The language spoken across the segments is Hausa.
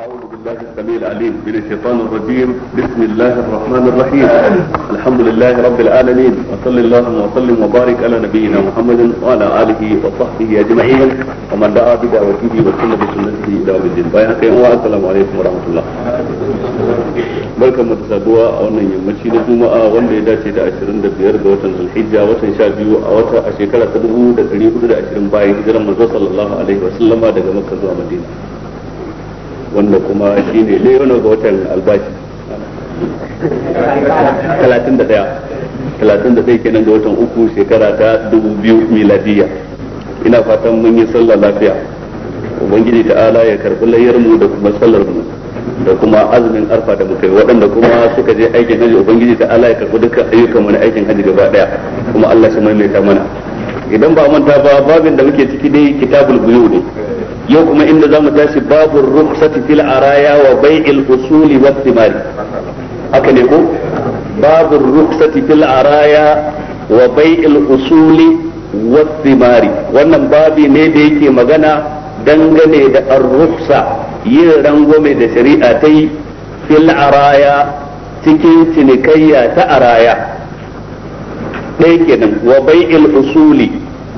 أعوذ بالله السميع العليم من الشيطان الرجيم بسم الله الرحمن الرحيم الحمد لله رب العالمين وصل اللهم وسلم وبارك على نبينا محمد وعلى آله وصحبه أجمعين ومن دعا بدعوته وسنة بسنته إلى يوم الدين بايعك السلام عليكم ورحمة الله بارك الله da saduwa a wannan yammaci na juma'a wanda ya dace da 25 ga watan zulhijja watan 12 a wata a shekara ta 1420 جرم hijiran الله عليه وسلم wasallama daga makka zuwa wanda kuma shine leono ga watan albashi 31 31 kenan ga watan uku shekara ta 2000 miladiya ina fatan mun yi sallar lafiya ubangiji ta'ala ya karbi layar mu da kuma sallar mu da kuma azumin arfa da muka yi waɗanda kuma suka je aikin haji ubangiji ta Allah ya karɓi dukkan ayyukan mu aikin haji gaba daya kuma Allah shi maimaita mana idan ba manta ba babin da muke ciki dai kitabul buyu ne yau kuma inda za mu tashi babu rukhsati fil araya wa bai'il usuli wa thimari haka ne ko babu rukhsati fil araya wa bai'il usuli wa thimari wannan babi ne da yake magana dangane da ar-rukhsa yin rangwame da shari'a ta yi fil araya cikin cinikayya ta araya ɗaya kenan wa bai'il usuli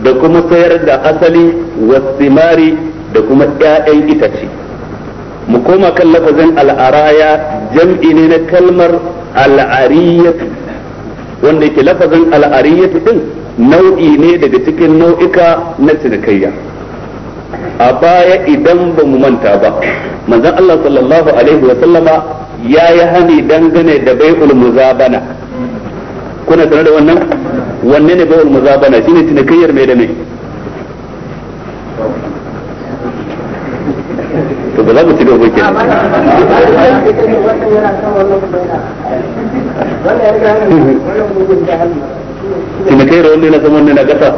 da kuma sayar da asali wa thimari da kuma ita itace mu koma kan lafazin al'araya jam'i ne na kalmar al'ariyatu wanda yake lafazin al'ariyatu din nau'i ne daga cikin nau'ika na cinikayya a baya idan ba mu manta ba manzon Allah sallallahu alaihi wa sallama ya yi hani dangane da bai'ul muzabana kuna sanar da wannan wanne ne bai'ul muzabana shine cinikayyar mai da mai to ba za mu ci gaba ke kina kai rawar na ne na gata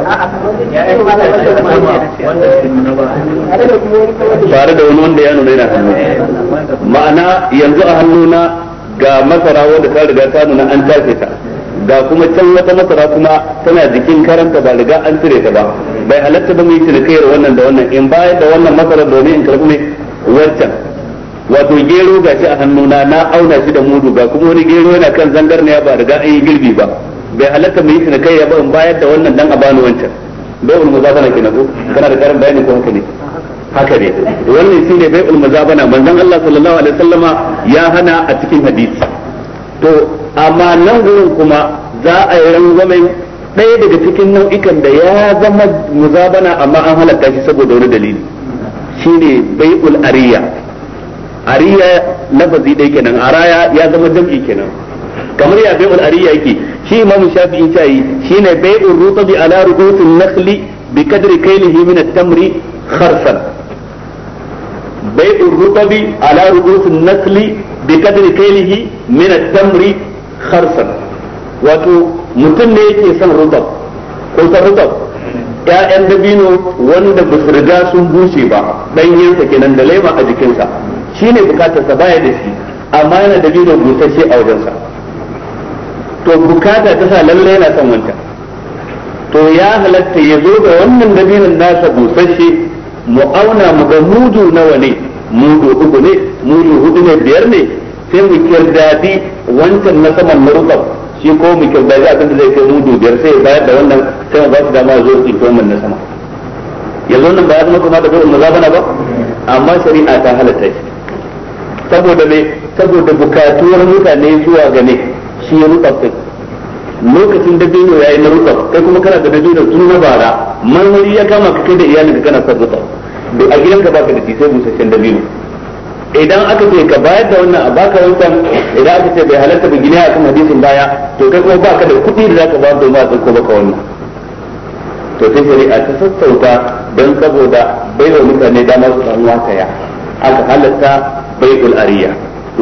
tare da wani wanda ya nuna yana hannu ma'ana yanzu a hannuna ga masara wanda ta riga ta nuna an tafe ta ga kuma can wata masara kuma tana jikin karanta ba riga an cire ta ba bai halatta ba mu yi cinikayyar wannan da wannan in bayar da wannan masarar domin in karɓi mai wancan wato gero ga shi a hannuna na auna shi da mudu ga kuma wani gero yana kan ne ba riga an yi girbi ba bai halatta mu yi cinikayya ba in bayar da wannan dan a bani wancan za bana kenan ko kana da karin bayani ko haka ne haka ne wannan shine za bana manzon Allah sallallahu alaihi wasallama ya hana a cikin hadisi to amma nan gurin kuma za a yi rangwamen ɗaya daga cikin nau'ikan da ya zama muzabana amma an halatta shi saboda wani dalili shine bai'ul ariya ariya lafazi ɗaya kenan araya ya zama jam'i kenan kamar ya bai'ul ariya yake shi imam shafi'i tayi shine bai'ul bi ala ru'usin nakhli bi kadri kailihi min tamri kharsan bai'ul bi ala ru'usin nakhli bi kadri kailihi min tamri kharsan wato mutum ne yake son rudab ko ta rudab ya'yan dabino wanda ba su riga sun bushe ba ɗanyensa kenan da laima a jikinsa shi ne sa baya da shi amma yana dabino busasshe a wajensa to bukata ta sa lalle yana son wancan to ya halatta ya zo da wannan dabinon nasa busasshe mu auna mu ga mudu nawa ne mudu uku ne mudu hudu ne biyar ne sai mu kirdadi wancan na saman na rukab shi ko mu kirdaji abin da zai kai mudu biyar sai bayar da wannan sai mu ba su dama zo su ko mun na sama yanzu wannan ba ya zama kuma da gurin maza bana ba amma shari'a ta halatta shi saboda me saboda bukatuwar mutane zuwa ga ne shi ya rufa kai lokacin da dino yayi na rufa kai kuma kana da dino tun na bara marmari ya kama ka kai da iyalinka kana son rufa a gidanka baka da shi sai busasshen dabino idan aka ce ka bayar da wannan a baka wancan idan aka ce bai halarta bin gina akan hadisin baya to kai kuma baka da kuɗi da zaka bayar domin a tsinko baka wannan to sai shari'a ta sassauta don saboda bai wa mutane damar su samu ya aka halatta bai'ul ariya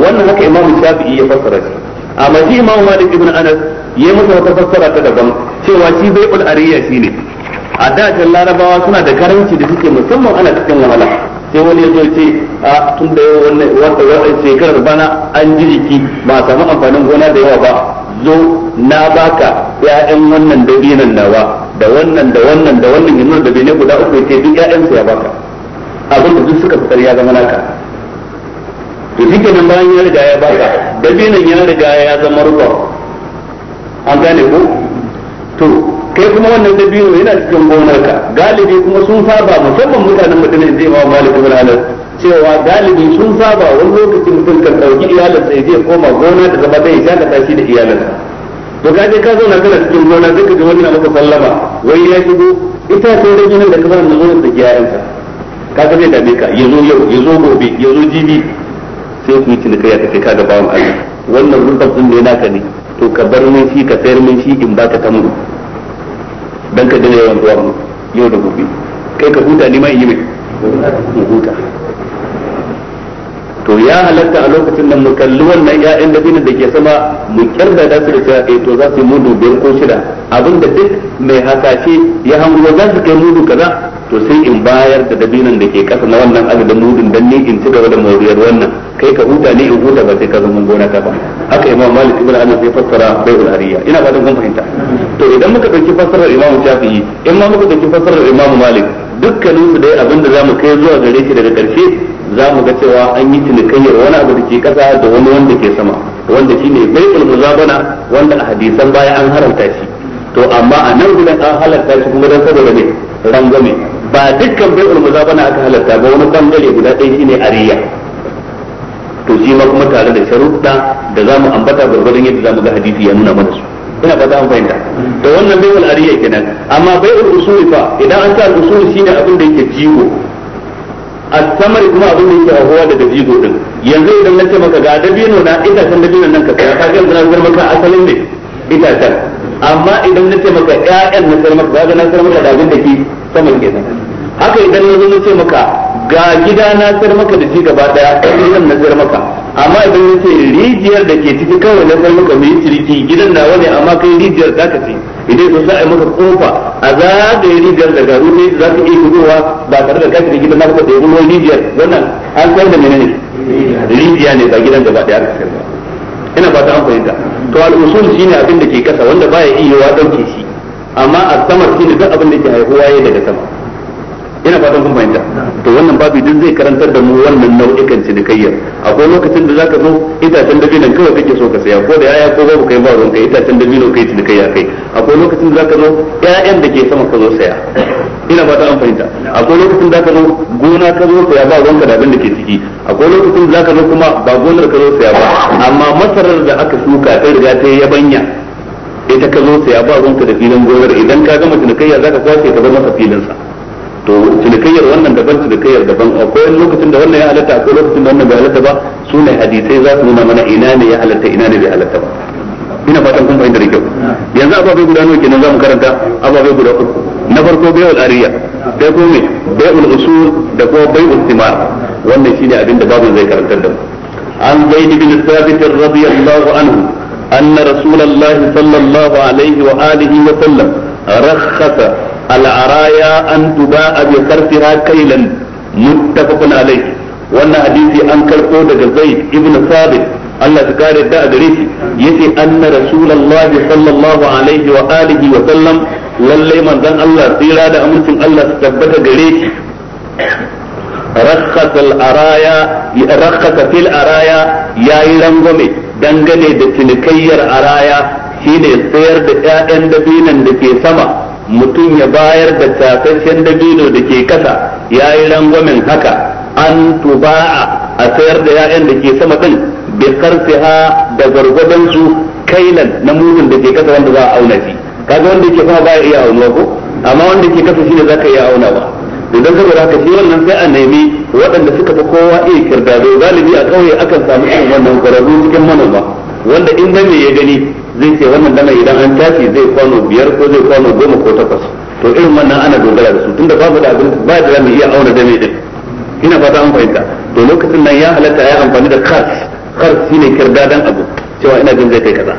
wannan haka imamu shafi'i ya fassara shi amma shi imamu malik ibn anas ya masa wata fassara ta daban cewa shi bai'ul ariya shine a dajin larabawa suna da karanci da suke musamman ana cikin wahala sai wani yazo ce a tun da yau wannan wata shekarar bana an ji jiki ba samu amfanin gona da yawa ba zo na baka ya'yan wannan dabinan nawa da wannan da wannan da wannan yanzu da bene guda uku ce duk ya'yan su ya baka abin da duk suka fitar ya zama naka to shi kenan bayan ya riga ya baka dabinan ya riga ya zama rubar an gane ko to kai kuma wannan dabino yana cikin gonarka galibi kuma sun saba musamman mutanen madina zai ba malik ibn anas cewa galibi sun saba wani lokacin mutum kan dauki iyalan sai zai koma gona da zama dai ya ta shi da iyalansa to ka je ka zauna kana cikin gona sai ka ji wani na maka sallama wai ya shigo ita ce dabinon da ka na zuwa da iyalansa ka ga zai dame ka ya yau yazo gobe yazo jibi sai ku ci cinikayya ya kai ka ga bawan Allah wannan rubutun ne naka ne to ka bar min shi ka tsayar min shi in baka tamu dan ka dena yawan zuwa yau da gobe kai ka huta ni ma in yi mai huta to ya halatta a lokacin da mu kalli wannan ƴaƴan dabino da ke sama mu kirda da su da cewa eh to za su yi mudu biyar ko shida abinda duk mai hasashe ya hango za su kai mudu kaza to sai in bayar da dabinan da ke kasa na wannan adadin mudun dan ni in ci gaba da mawuriyar wannan kai ka huta ne in huta ba sai ka zama gona ka ba haka imam malik ibn anas ya fassara bai'ul hariya ina fatan kun fahimta to idan muka dauki fassarar imam shafi'i in ma muka dauki fassarar imam malik dukkanin su dai abinda za mu kai zuwa gare shi daga karshe za mu ga cewa an yi cinikayyar wani abu da ke kasa da wani wanda ke sama wanda shine bai'ul muzabana wanda a hadisan baya an haramta shi to amma a nan gudan an halarta shi kuma dan saboda ne rangwame ba dukkan bai'ul muzabana aka halarta ba wani bangare guda ɗaya shine ariya to shi ma kuma tare da sharuɗa da za mu ambata gwargwadon yadda za mu ga hadisi ya nuna mana su ina ba an fahimta to wannan bai wal ariya kenan amma bai wal usuli fa idan an ta usuli shine abin da yake jigo al-samari kuma abin da yake hawa daga jigo din yanzu idan na ce maka ga dabino na ita san dabino nan ka ta ka ga na zama maka asalin ne ita ta amma idan na ce maka ƴaƴan na sarmaka ga na sarmaka da abin da ke saman kenan haka idan na zo na ce maka ga gida na tsar maka da shi gaba daya gidan na tsar maka amma idan yace rijiyar da ke ciki kawai na tsar maka mai ciriki gidan nawa wani amma kai rijiyar ka ce idan sun za a maka kofa a za yi rijiyar da garu ne za ka iya shigowa ba tare da kafin gidan na kuma yi ruwan rijiyar wannan an tsar da menene rijiya ne ba gidan gaba daya aka sayar ina fata an fahimta to al'usul shine abin da ke kasa wanda baya iya wa dauke shi amma a sama shine duk abin da ke haihuwa ya daga sama ina fatan kun fahimta to wannan babu din zai karantar da mu wannan nau'ikan cinikayya akwai lokacin da zaka zo itacen dabinan kawai kake so ka saya ko da yaya ko babu kai ba ruwan kai itacen dabino kai cinikayya kai akwai lokacin da zaka zo ƴaƴan da ke sama ka zo saya ina fatan an fahimta akwai lokacin da ka zo gona ka zo saya ba ka da abin da ke ciki akwai lokacin da ka zo kuma ba gonar ka zo saya ba amma masarar da aka shuka ta riga ta yabanya ita ka zo saya ba ka da filin gonar idan ka gama cinikayya zaka kwace ka bar masa filin sa to cinikayyar wannan daban cinikayyar daban akwai lokacin da wannan ya halatta akwai lokacin da wannan bai halatta ba su ne hadisai za su nuna mana ina ne ya halatta ina ne bai halatta ba ina fatan kun fahimta da kyau yanzu ababai guda nawa kenan mu karanta ababai guda uku na farko bai'ul ariya sai ko me bai'ul usul da kuma bai bai'ul thimar wannan shine abin da babu zai karantar da mu an zai zaid bin thabit radiyallahu anhu anna rasulullahi sallallahu alaihi wa alihi wa sallam rakhasa al'araya an tuba a bi karfiha kailan wannan hadisi an karɓo daga zaid ibn sabit Allah ta kare da a gare shi yace anna rasulullahi sallallahu alaihi wa alihi wa sallam lalle manzon Allah tsira da amincin Allah ta tabbata gare shi rakhasa al-araya rakhasa fil araya yayi rangwame dangane da cinikayyar araya shine sayar da ƴaƴan dabinan da ke sama mutum ya bayar da tasasshen dabino da ke kasa ya yi rangwamen haka an tuba'a a sayar da 'ya'yan da ke sama kan bi karfiha da gwargwadon su kailan na mugun da ke kasa wanda za a auna shi kaga wanda ke kuma baya iya auna ko amma wanda ke kasa shine zaka iya aunawa idan saboda haka shi wannan sai a nemi waɗanda suka fi kowa iya kirdazo galibi a kauye akan samu irin wannan kwararru cikin manoma wanda in ne ya gani zai ce wannan dama idan an tashi zai kwano biyar ko zai kwano goma ko takwas to irin wannan ana dogara da su tunda babu da abin ba da zamu iya auna dame din ina fata an fahimta to lokacin nan ya halatta ya amfani da kars kars shine kirdadan abu cewa ina jin zai kai kaza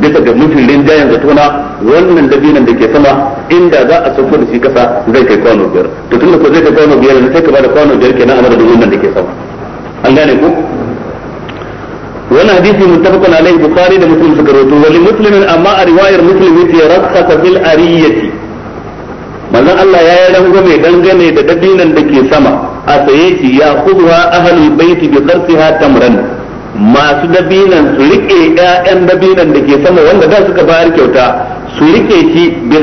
bisa ga mutum rinjayen zatona wannan dabinan da ke sama inda za a sauko da shi kasa zai kai kwano biyar to tunda ko zai kai kwano biyar ne sai ka bada kwano biyar kenan a madadin wannan da ke sama an gane ku wannan hadisi muttafaqun alaihi bukhari da muslim suka rawaito wa li muslimin amma a riwayar muslim yace rakhasa fil ariyati manzon Allah ya yi rangwame dangane da dabinan da ke sama a saye shi ya khudha ahlul bait bi ha tamran masu dabinan su rike ƴaƴan dabinan da ke sama wanda da suka bayar kyauta su rike shi bi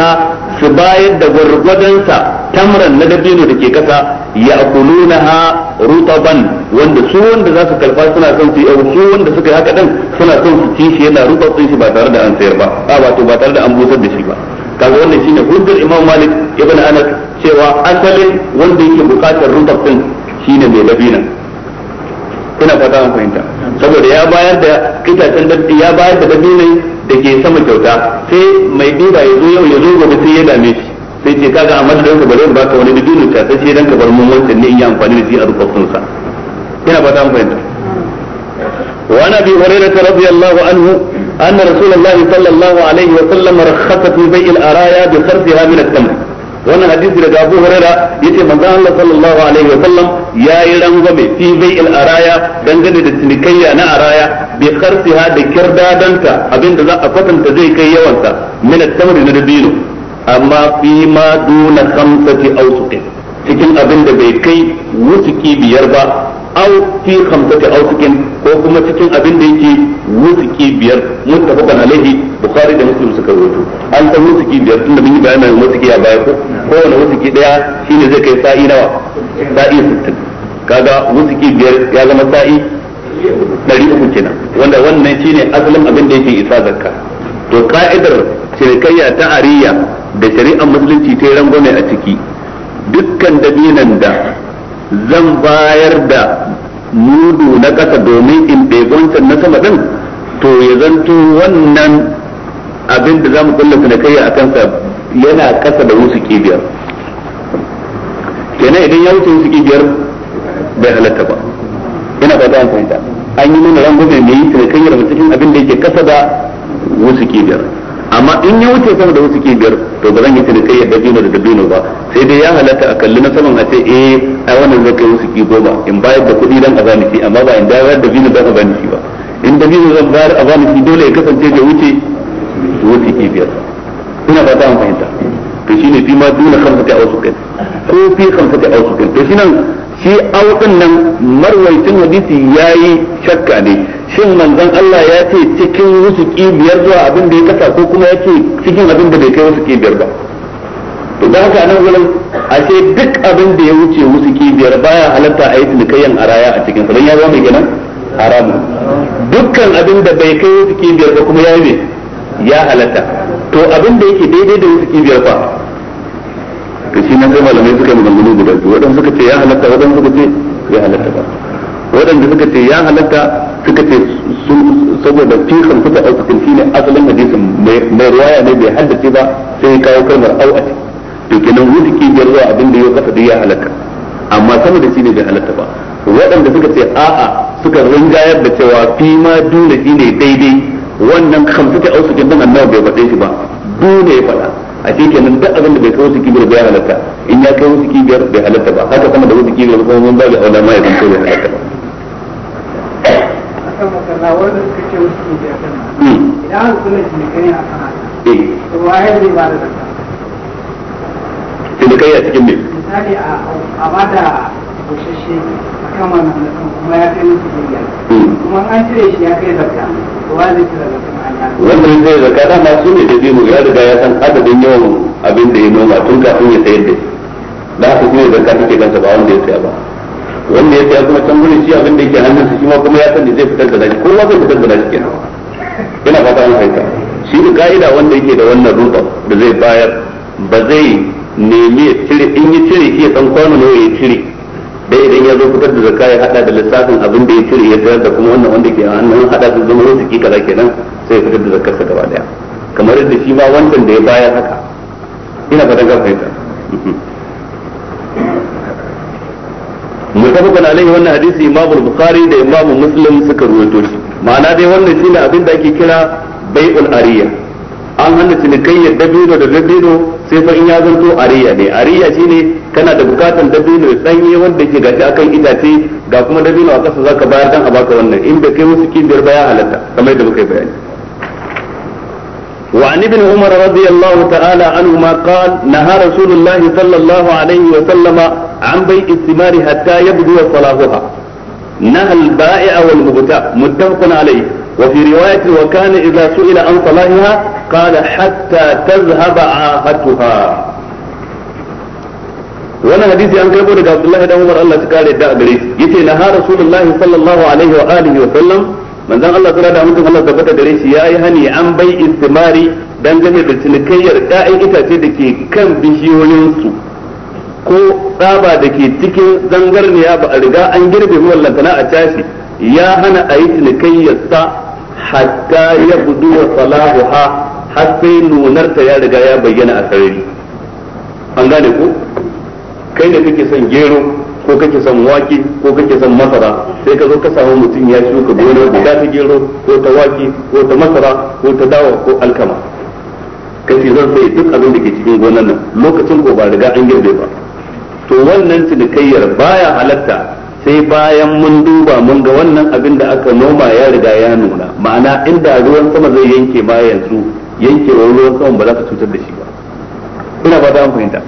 ha su bayar da gwargwadonsa tamran na dabino da ke kasa ya ha rutaban wanda su wanda za su karba suna son su yi su wanda suka yi haka din suna son su ci shi yana rufa sun shi ba tare da an sayar ba a wato ba tare da an busar da shi ba kaga wannan shine hujjar Imam Malik ibn Anas cewa asalin wanda yake bukatar rufa shi shine mai dabina ina fata an fahimta saboda ya bayar da kitacen dabbi ya bayar da dabinai da ke sama kyauta sai mai diba ya zo yau ya zo gobe sai ya dame shi sai ce kaga a madadin ka bare ba ka wani dabino ta sai dan ka bar mun wancan ne in yi amfani da shi a rufa sa. ina ba ta mu fahimta wa nabi hurairah radiyallahu anhu أن رسول الله صلى الله عليه وسلم رخص في بيع الأرايا بصرفها من التمر wannan hadisi daga Abu Huraira yace manzon Allah sallallahu alaihi wa sallam yayi rangwame fi bai'il araya dangane da cinikayya na araya bi kharsiha da kirdadanta abinda za a kwatanta zai kai yawansa min at-tamri na dabino amma fi ma duna khamsati awsuqin cikin abinda bai kai wusuki biyar ba aw fi khamsati awsikin ko kuma cikin abin da yake wuzuki biyar muttafaqan alaihi bukhari da muslim suka rawaito an san wuzuki biyar tunda mun yi bayanin wuzuki a baya ko wani wuzuki daya shine zai kai sa'i nawa sa'i 60 kaga wuzuki biyar ya zama sa'i 300 kenan wanda wannan shine asalin abin da yake isa zakka to ka'idar shirkayya ta ariya da shari'ar musulunci ta rangwame a ciki dukkan dabinan da zan bayar da mudu na ƙasa domin in ɗaiɓancan na sama ɗin to ya zanto wannan abin da za mu na kai a kansa yana ƙasa da wasu biyar kenan idan ya wuce wasu biyar bai halatta ba ina fata an fahimta an yi nuna gobe mai yi kunakayyar cikin abin da yake ƙasa da wasu biyar amma in ya wuce sama da wasu ke biyar to ba zan yi cinikayyar dabino da dabino ba sai dai ya halatta a kalli na saman a ce eh a wannan zai kai wasu ki goma in bayar da kuɗi dan a bani shi amma ba in bayar da dabino da a bani shi ba in dabino zan bayar a bani shi dole ya kasance da wuce wasu ke biyar ina ba ta fahimta to shine fi ma duna khamsati kai ko fi khamsati kai to shi nan shi awqin nan marwaitin hadisi yayi shakka ne shin manzon Allah ya ce cikin wasu biyar zuwa abin da ya kasa ko kuma ya ce cikin abin da bai kai wasu biyar ba to da haka nan gurin ashe duk abin da ya wuce wasu biyar baya halatta a yi tilkayen a raya a cikin sa ya zama mai gina haramu dukkan abin da bai kai wasu biyar ba kuma ya yi ya halatta to abin da yake daidai da wasu biyar ba to shi nan sai malamai suka yi maganganu guda biyu waɗanda suka ce ya halatta waɗanda suka ce ya halatta ba waɗanda suka ce ya halatta suka ce saboda fi khamsata aw takin ne asalin hadisin mai ruwaya ne bai haddace ba sai ya kawo kalmar aw a to kenan wuce ki biyar zuwa abin da ya kasa duk ya halaka amma sama da ne bai halatta ba waɗanda suka ce a'a suka rungayar da cewa fi ma dole ne daidai wannan khamsata aw takin din annabi bai faɗe shi ba dole ya faɗa a ce kenan duk abin da bai kawo wasu kibiyar bai halatta in ya kawo wasu kibiyar bai halatta ba haka sama da wasu kibiyar kuma mun ba da ma ya zanto bai halatta ba akan wanda suka ce wasu ne hmm. idan an kula a kan haka eh. to waye zai da zakka cikin me misali a bada bushashe a kan kuma ya kai musu hmm. kuma an cire shi ya kai zakka to zai cire da ya riga ya san adadin yawan abin da ya noma tun kafin ya sayar da shi su ne ba wanda ya saya ba wanda ya saya kuma can gurin shi abin da yake hannun shi kuma kuma ya sani zai fitar da zaki kowa zai fitar da zaki kenan ina fata an haika shi ne ka'ida wanda yake da wannan ruba da zai bayar ba zai nemi ya cire in yi cire shi ya san kwano ne ya cire da idan ya zo fitar da zakka ya hada da lissafin abin da ya cire ya sayar da kuma wannan wanda ke hannun hada da zama rufe ki kaza kenan sai fitar da sa gaba daya kamar yadda shi ma wancan da ya bayar haka ina fata ka fahimta mutafakun alaihi wannan hadisi imam bukhari da imam muslim suka ruwaito shi ma'ana dai wannan shine abin da ake kira bai'ul ariya an hana cinikayyar dabino da dabino sai fa in ya zanto ariya ne ariya shine kana da bukatan dabino ya danye wanda ke gashi akan itace ga kuma dabino a kasa zaka bayar dan a baka wannan in bai kai wasu kibiyar baya halatta kamar da muka yi bayani وعن ابن عمر رضي الله تعالى عنهما قال نهى رسول الله صلى الله عليه وسلم عن بيع الثمار حتى يبدو صلاحها نهى البائع والمبتاع متفق عليه وفي رواية وكان إذا سئل عن صلاحها قال حتى تذهب عاهتها wannan hadisi an karbo daga Abdullahi dan Umar Allah ta kare da gare shi yace na ha Rasulullahi sallallahu alaihi wa alihi wa sallam manzon Allah sura da mutum Allah tabbata gare shi yayi hani an bai istimari dangane da cinikayyar ƴaƴan itace da ke kan bishiyoyin su ko tsaba da ke cikin zangarniya ba a riga an girbe mu wallantana a tashi ya hana a yi cinikayyar sa hatta ya budu wa salahuha har sai nunar ya riga ya bayyana a sarari an gane ku kai da kake son gero ko kake son wake ko kake son masara sai ka zo ka samu mutum ya shuka gona guda ta gero ko ta wake ko ta masara ko ta dawa ko alkama kace zan sai duk abin da ke cikin gonan nan lokacin ko ba riga an girbe ba to wannan cinikayyar baya halatta sai bayan mun duba mun ga wannan abin da aka noma ya riga ya nuna ma'ana inda ruwan sama zai yanke ba yanzu wa ruwan sama ba za ka cutar da shi ba ina ba ta fahimta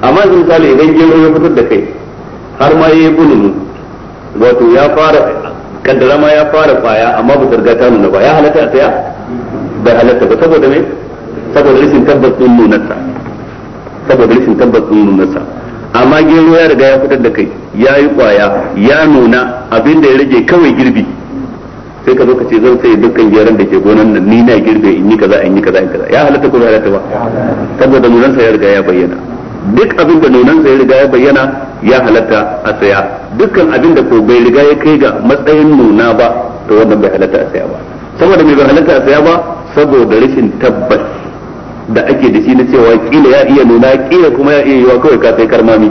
amma misali idan gero ya fitar da kai har ma yi bululu wato ya fara kaddara ma ya fara kwaya amma ba riga ta nuna ba ya halatta a tsaya bai halatta ba saboda me saboda rashin tabbas din nunarsa saboda rashin tabbas din nunarsa amma gero ya riga ya fitar da kai ya yi kwaya ya nuna abin da ya rage kawai girbi sai ka zo ka ce zan sai dukkan geron da ke gonan nan ni na girbe in yi kaza in yi kaza in kaza ya halatta ko bai halatta ba saboda nunarsa ya riga ya bayyana duk abin da nonansa ya riga ya bayyana ya halatta a saya dukkan abin da ko bai riga ya kai ga matsayin nuna ba to wannan bai halatta a saya ba saboda mai bai halatta a saya ba saboda rashin tabbas da ake da shi na cewa kila ya iya nuna kila kuma ya iya yiwa kawai ka sai karmami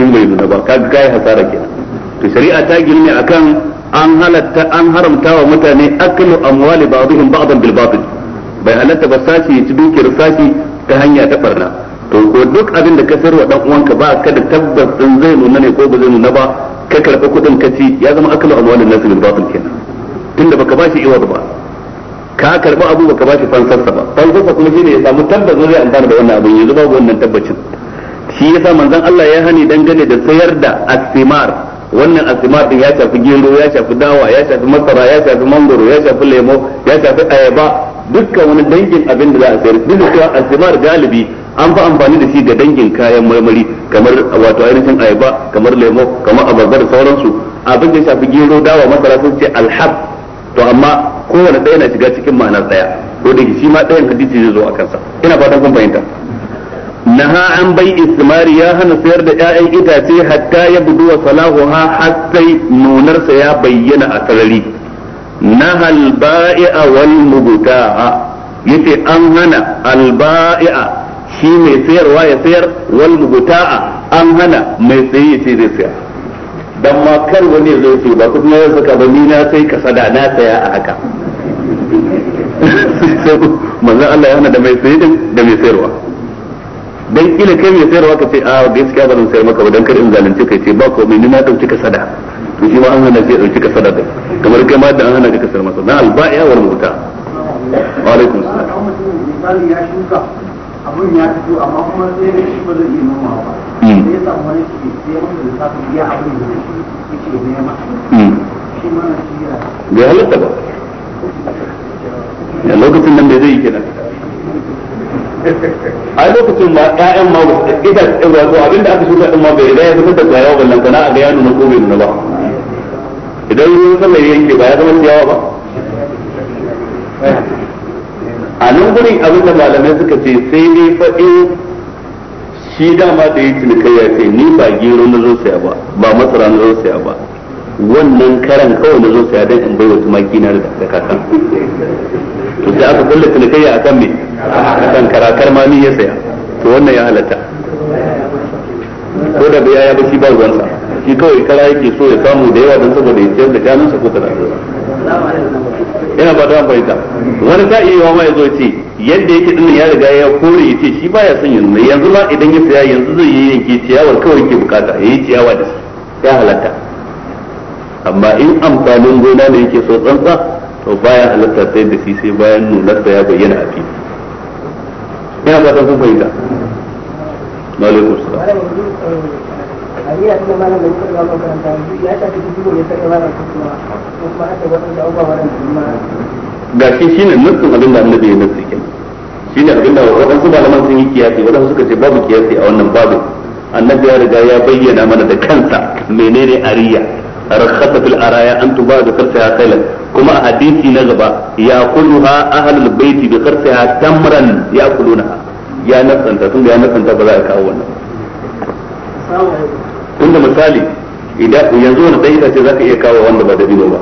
in bai nuna ba kaga kai hasara kenan to shari'a ta girme akan an halatta an haramta wa mutane aklu amwali ba'dihim ba'dan bil batil bai halatta ba sashi ya ci dukiyar sashi ta hanya ta barna to ko duk abin da ka sayar wa dan uwanka ba ka da tabbas din zai nuna ne ko ba zai nuna ba ka karɓi kuɗin ka ci ya zama akalu amwalin nasu bil batil kenan tunda baka shi iwad ba ka karɓi abu baka shi fansarsa ba fansarsa kuma shine ya samu tabbas zai amfana da wannan abin yanzu babu wannan tabbacin shi yasa manzon Allah ya hani dangane da sayar da asimar wannan asimar din ya shafi gero ya shafi dawa ya shafi masara ya shafi mangoro ya shafi lemo ya shafi ayaba dukkan wani dangin abin da za a sayar duk da asimar galibi an fi amfani da shi ga dangin kayan marmari kamar wato ainihin ayaba kamar lemo kamar abarba da sauransu abin da ya shafi gero dawa masara sun ce alhab to amma kowane ɗaya na shiga cikin ma'ana ɗaya ko da shi ma ɗayan hadisi zai zo a kansa ina fatan kun fahimta naha an bai ismari ya hana sayar da 'ya'yan itace hatta ya budu wa salahuha har sai nunarsa ya bayyana a sarari nahal bai'a wal mubta'a yace an hana al bai'a shi mai sayarwa ya sayar wal mubta'a an hana mai sayi ya ce zai sayar dan ma kar wani ya ce ba kuma ya saka ba ni na sai ka sada na saya a haka manzon Allah ya hana da mai saye da mai sayarwa dan kila kai mai sayarwa ka ce a gaskiya ba zan sayar maka ba dan kar in zalunce kai ce ba mai ni na dauki ka sada to shi ma an hana sai dauki ka sada da kamar kai ma da an hana ka sayar masa na albai'a wal mubta'a wa alaikum assalam abun ya fito amma kuma sai da shi ba zai iya noma ba hmm. sai ya samu wani shi sai wanda da safi ya abin da shi yake nema hmm. shi ma na shi ya bai halatta ba da lokacin nan da zai yi kenan a lokacin ma ƴaƴan ma ba su ita wato abinda aka shuka din ma bai riga ya fitar da tsayawa ballan kana a ga ya nuna ko bai nuna ba idan ruwan sallah yanke ba ya zama ciyawa ba a nan gurin abin da malamai suka ce sai dai faɗi shi dama da ya cinikayya ce ni ba gero na zo saya ba ba masara na zo saya ba wannan karan kawai na zo saya don in baiwa tumaki na da kakan to sai aka kulle cinikayya a kan me a kan karakar ma ni ya saya to wannan ya halatta ko da bai ya ba shi ba ruwansa shi kawai kara yake so ya samu da yawa don saboda ya ciyar da shanunsa ko tana ina ba da baita wani ta iya yawa ya zo ce yadda yake dinnan ya riga ya kore ya ce shi baya son yanzu yanzu ma idan ya saya yanzu zai yi yanke ciyawar kawai yake bukata ya yi ciyawa da shi ya halatta amma in amfanin gona ne yake so tsantsa to baya halatta sai da shi sai bayan nunar da ya bayyana a fili ina ba ta sun fahimta. Malaikum salam. Aliyu tunda malam bai taɓa zuwa makaranta ya ta duk duk ya ta malam ko kuma ko kuma haka waɗanda abubuwa waɗanda kuma. Ga shi shi nufin abin da annabi ya nufi kenan. Shi abin da waɗansu malaman sun yi kiyasi waɗansu suka ce babu kiyasi a wannan babu. Annabi ya riga ya bayyana mana da kansa menene ariya. rakhasa fil araya an tuba da karsaha khailan kuma a hadisi na gaba ya kuluha ahlul baiti bi karsaha tamran ya kuluna ya nasanta tunda ya nasanta ba za a kawo wannan tunda misali idan yanzu wani dai itace za ka iya kawo wanda ba dino ba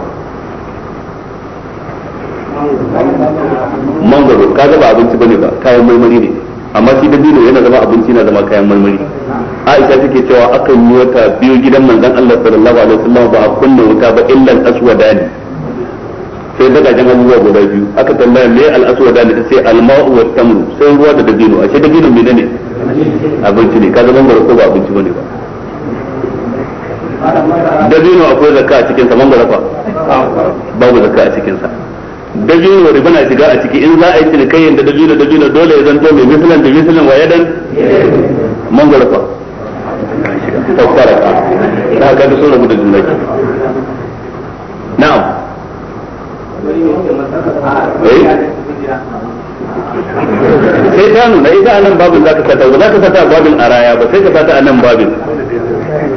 mangoro ka ba abinci bane ba kayan marmari ne amma shi dino yana zama abinci na zama kayan marmari aisha take cewa aka yi wata biyu gidan manzon Allah sallallahu alaihi wasallam ba a kunna wuta ba illa al-aswadani sai dagajen abubuwa guda biyu aka tambaya me al-aswadani sai al-ma'u wa tamru sai ruwa da dabino ashe dabino menene abinci ne kaga mangoro ko ba abinci bane ba dabino akwai zakka a cikinsa man fa babu zakka a cikinsa dabino riba na shiga a ciki in za a yi cinikayyar da dabino dabino dole ya zanto mai misalan da misalan wa yadan man fa tabbara fara na ga da sunan rabu da juna ke na'am eh? sai ta nuna ita anan babin za ka sata ba za ka sata babin a raya ba sai ka sata anan babin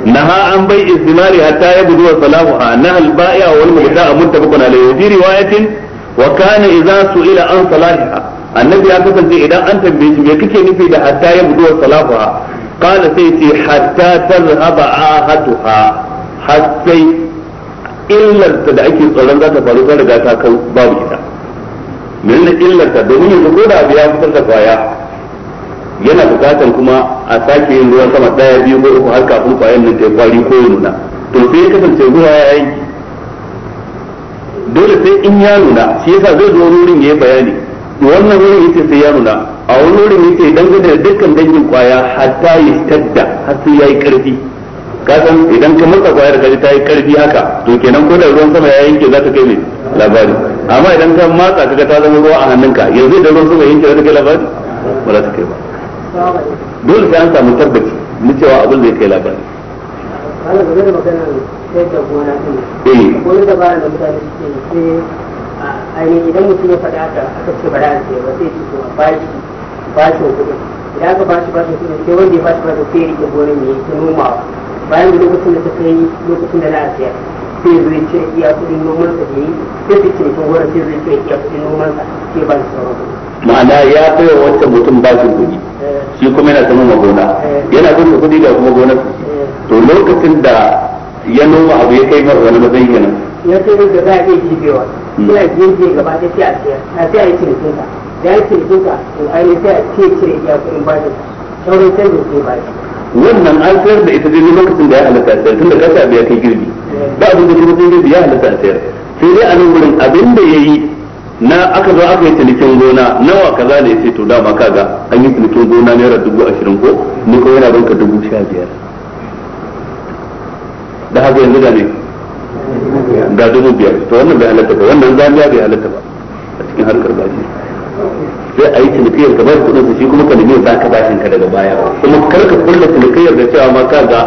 نهى عن بيع الثمار حتى يبدو صلاحها نهى البائع والمبتاع متفق عليه وفي رواية وكان إذا سئل عن صلاحها النبي ya kasance idan an tambaye shi me kake nufi da hatta ya budu salafuha qala sai ce hatta tazhaba ahatuha illarta da ake tsoron za ta faru ta riga ta kau babu ita menene ko da abu ya fitar da kwaya yana bukatar kuma a sake yin ruwan sama daya biyu ko uku har kafin kwayan nan ta kwari ko ya nuna to sai ya kasance ruwa ya yanki dole sai in ya nuna shi yasa zai zo wurin ya yi bayani wannan wurin yace sai ya nuna a wani wurin yace dangane da dukkan dangin kwaya hatta ya tadda har sai ya yi karfi ka san idan ka matsa kwayar ka ta yi karfi haka to kenan ko da ruwan sama ya yanke za ta kai mai labari amma idan ka matsa kaga ta zama ruwa a hannunka yanzu da ruwan sama yanke za ta kai labari ba za ta kai ba dole sai an samu tabbaci na cewa abin zai kai labari eh idan mutum ya faɗa haka aka ce ba a ce ba sai ce to bashi bashin kuɗin idan aka bashi sai wanda ya sai rike gonar bayan da lokacin da ta kai lokacin da sai zai iya kuɗin sai su gonar sai zai iya kuɗin sai ba shi sauran ma'ana ya wancan mutum bashin kuɗi shi kuma yana saman magona eh. yana bin da kuɗi ga kuma gonar eh. to lokacin da ya noma abu ya kai mar wani matsayi kenan ya kai da za a iya kibewa hmm. sai a jeje gaba da sai a siyar na sai a yi cinikin ka da ya cinikin ka to ainihin sai a ce cire iya kuɗin bashi sauran canjin sai bashi wannan an sayar da ita daidai lokacin da ya halatta a sayar da kasa abu ya kai girbi ba eh. abin da kuma sai ya halatta a sayar sai dai a nan wurin abin da ya yi na aka zo aka yi cinikin gona nawa kaza ne sai to dama kaga an yi cinikin gona naira dubu ashirin ko ni ko yana banka dubu sha biyar da haka yanzu da ne ga dubu biyar to wannan bai halatta ba wannan zamiya bai halatta ba a cikin harkar bashi sai a yi cinikayyar ka ba kudin su shi kuma ka nemi za ka bashin ka daga baya kuma kar ka kulle cinikayyar da cewa ma ka ga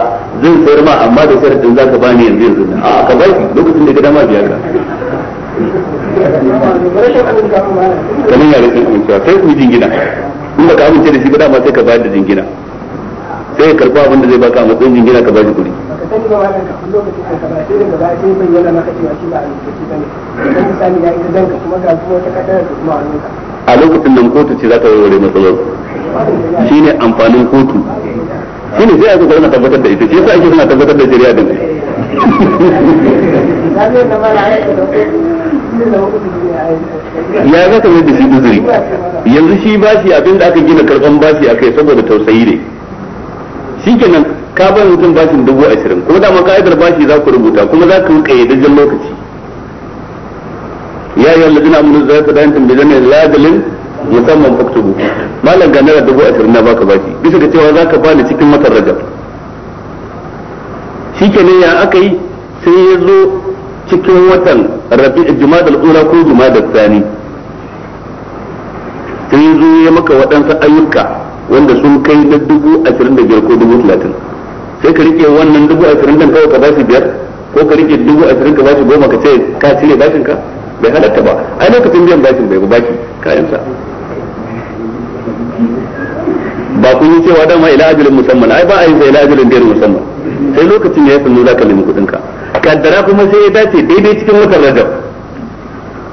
zan sayar ma amma da sharadin za ka bani yanzu yanzu a ka bashi lokacin da ka dama biya ka kamar ya rashin amincewa sai ku jingina in baka amince da shi ba dama sai ka bayar da jingina sai ya karɓi abin da zai baka a matsayin jingina ka bashi kuɗi a lokacin nan kotu ce za ta warware matsalar shine amfanin kotu shine sai aka gwamna tabbatar da ita shi yasa ake suna tabbatar da shari'a din ya za ka da shi uzuri yanzu shi bashi abinda aka gina karban bashi a kai saboda tausayi ne shi kenan ka ba mutum bashin dubu ashirin kuma dama ka'idar bashi za ku rubuta kuma za ka yi kayyadajjen lokaci ya yi wallazin amurin zai ta dayantin da jami'in ladalin musamman oktobu malam ga naira dubu ashirin na baka bashi bisa ga cewa za ka bani cikin matan rajab shi kenan ya aka yi sai ya zo cikin watan rabi jumada al'ula ko jumada al sai zo ya maka waɗansu ayyuka wanda sun kai na dubu ashirin da biyar ko dubu talatin sai ka rike wannan dubu ashirin dan kawai ka shi biyar ko ka rike dubu ashirin ka shi goma ka ce ka cire bashin ka bai halatta ba ai lokacin biyan bashin bai ba baki kayan sa ba kun yi cewa dama ila ajalin musamman ai ba a yi sai ila ajalin biyar musamman sai lokacin ya yi nuna za ka nemi kuɗin ka kaddara kuma sai ya dace daidai cikin watan rajab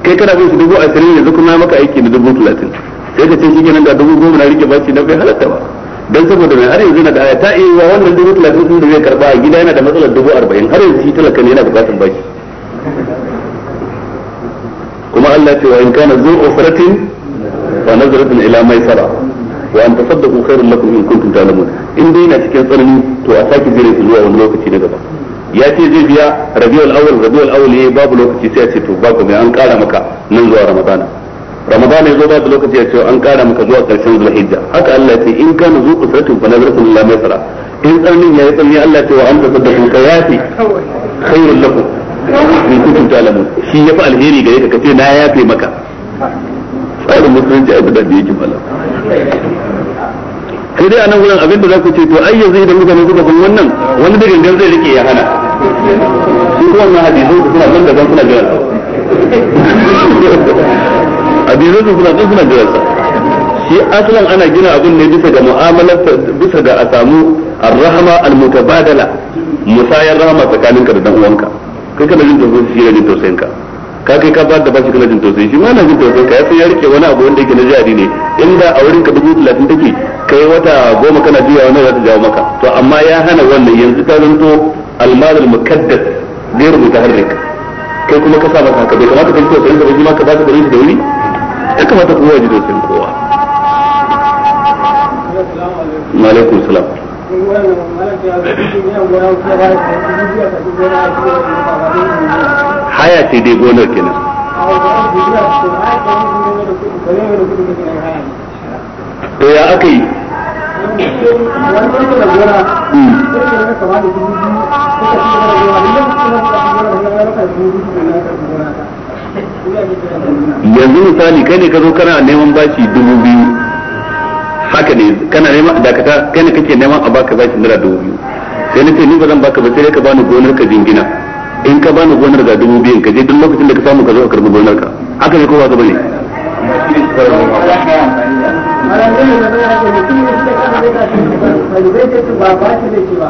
kai kana bin su dubu ashirin yanzu kuma maka aiki na dubu talatin sai ka ce shi kenan ga dubu goma na rike bashi na bai halatta ba dan saboda mai har yanzu na da aya ta iya wannan dubu talatin sun da zai karba a gida yana da matsalar dubu arba'in har yanzu shi talaka ne yana bukatar bashi kuma Allah ce wa in kana zu ufratin fa nazratun ila sara wa an tasaddaqu khairul lakum in kuntum ta'lamun in dai na cikin tsanani to a saki jira zuwa wani lokaci na gaba ya ce zai biya rabiul awal rabiul awal yayi babu lokaci sai ya ce to babu mai an kara maka nan zuwa ramadana ramadana yazo babu lokaci ya ce an kara maka zuwa karshen zulhijja haka Allah ya ce in kana zu usratin fa nazaratun ila maisara in ya yi sanin Allah ya ce wa anta saddaqun kayati khairul lakum in kuntum ta'lamun shi yafi alheri gare ka kace na yafe maka tsarin musulunci a da yake mala sai dai a nan wurin abin da za ku ce to ai yanzu idan mutane suka san wannan wani da gangan zai rike ya hana su kuma na su suna nan daban suna jiran hadisan su suna nan suna jiran shi asalan ana gina abin ne bisa ga mu'amalar bisa ga a samu arrahama almutabadala musayar rahama tsakaninka da dan uwanka kai kana jin tausayin shi yana jin tausayin ka ka kai ka ba da bashi kana jin tausayi shi ma na jin tausayin ka yasan ya rike wani abu wanda yake na jari ne inda a wurin ka dubu talatin take kai wata goma kana juya wani za ta jawo maka to amma ya hana wannan yanzu ta zanto almal al-mukaddas ghayr mutaharrik kai kuma ka sa masa haka bai kamata ka ji tausayin sa ba shi ma ka ba ka shi da wuri ya kamata kowa ji yi yanzu misali kai ne ka zo kana neman baki dubu biyu haka ne kana neman dakata kai ne kake neman a baka bashi naira dubu biyu sai nace ni ba zan baka ba sai ka bani gonar ka jingina in ka bani gonar ga dubu biyu ka je duk lokacin da ka samu ka zo ka karbi gonar ka haka ne ko ba ka bane ba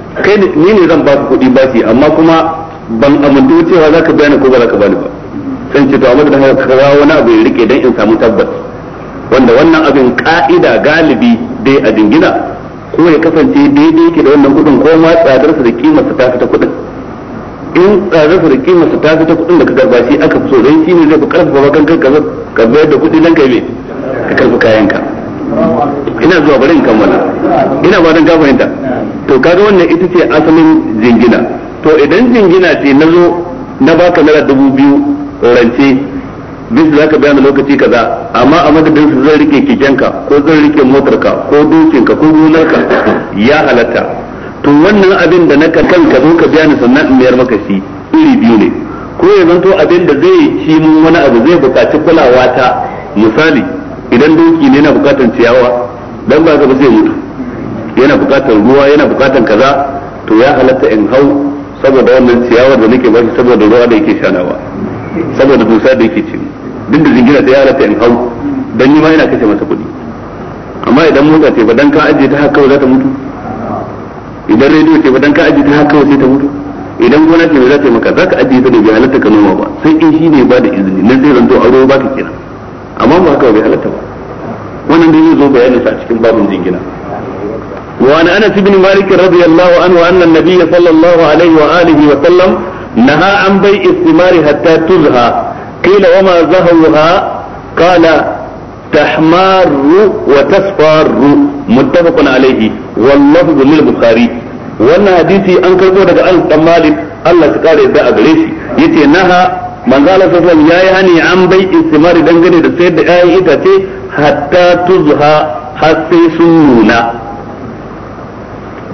kai ni ne zan baka kuɗi bashi amma kuma ban amintu cewa za ka bayani ko ba za ka bani ba sai ce to amma da haka ka kawo wani abu ya rike dan in samu tabbas wanda wannan abin ka'ida galibi dai a dingina ko ya kasance daidai yake da wannan kuɗin ko ma tsadarsa da kimarsa ta fita kuɗin in tsadarsa da kimarsa ta fita kuɗin da ka garba shi aka fi so dan shi ne zai fi karfafa kan kanka ka bayar da kuɗi dan kai me ka kayan kayanka ina zuwa bari in kammala ina ba dan ka fahimta to kaga wannan ita ce asalin jingina to idan jingina ce na zo na baka naira dubu biyu rance bisu za ka biya lokaci kaza amma a madadin su zan rike kekenka ko zan rike motarka ko dokinka ko gonarka ya halatta to wannan abin da na kan ka zo ka biya ni sannan in mayar maka shi iri biyu ne ko ya zanto abin da zai shi mun wani abu zai bukaci kulawa ta misali idan doki ne yana bukatar ciyawa dan ba gaba zai mutu yana bukatar ruwa yana bukatar kaza to ya halatta in hau saboda wannan ciyawar da nake bashi saboda ruwa da yake shanawa saboda dusa da yake ci duk da zingira da ya halatta in hau dan yi ma yana kashe masa kuɗi amma idan mota ce ba dan ka ajiye ta haka za ta mutu idan rediyo ce ba dan ka ajiye ta haka sai ta mutu idan gona ce ba za ta yi maka za ka ajiye ta da bai halatta ka noma ba sai in shi ne ba da izini nan zai zanto aro ba ka kira. amma ba haka bai halatta ba wannan dai zai zo bayanin sa a cikin babin jingina وعن انس بن مالك رضي الله عنه wannan hadisi an karbo daga Anas Malik Allah ya kare da a gare shi yace naha manzala Allah ya yayi hani an bai istimari dangane da sayar da ƴaƴan itace hatta tuzha har sai sun nuna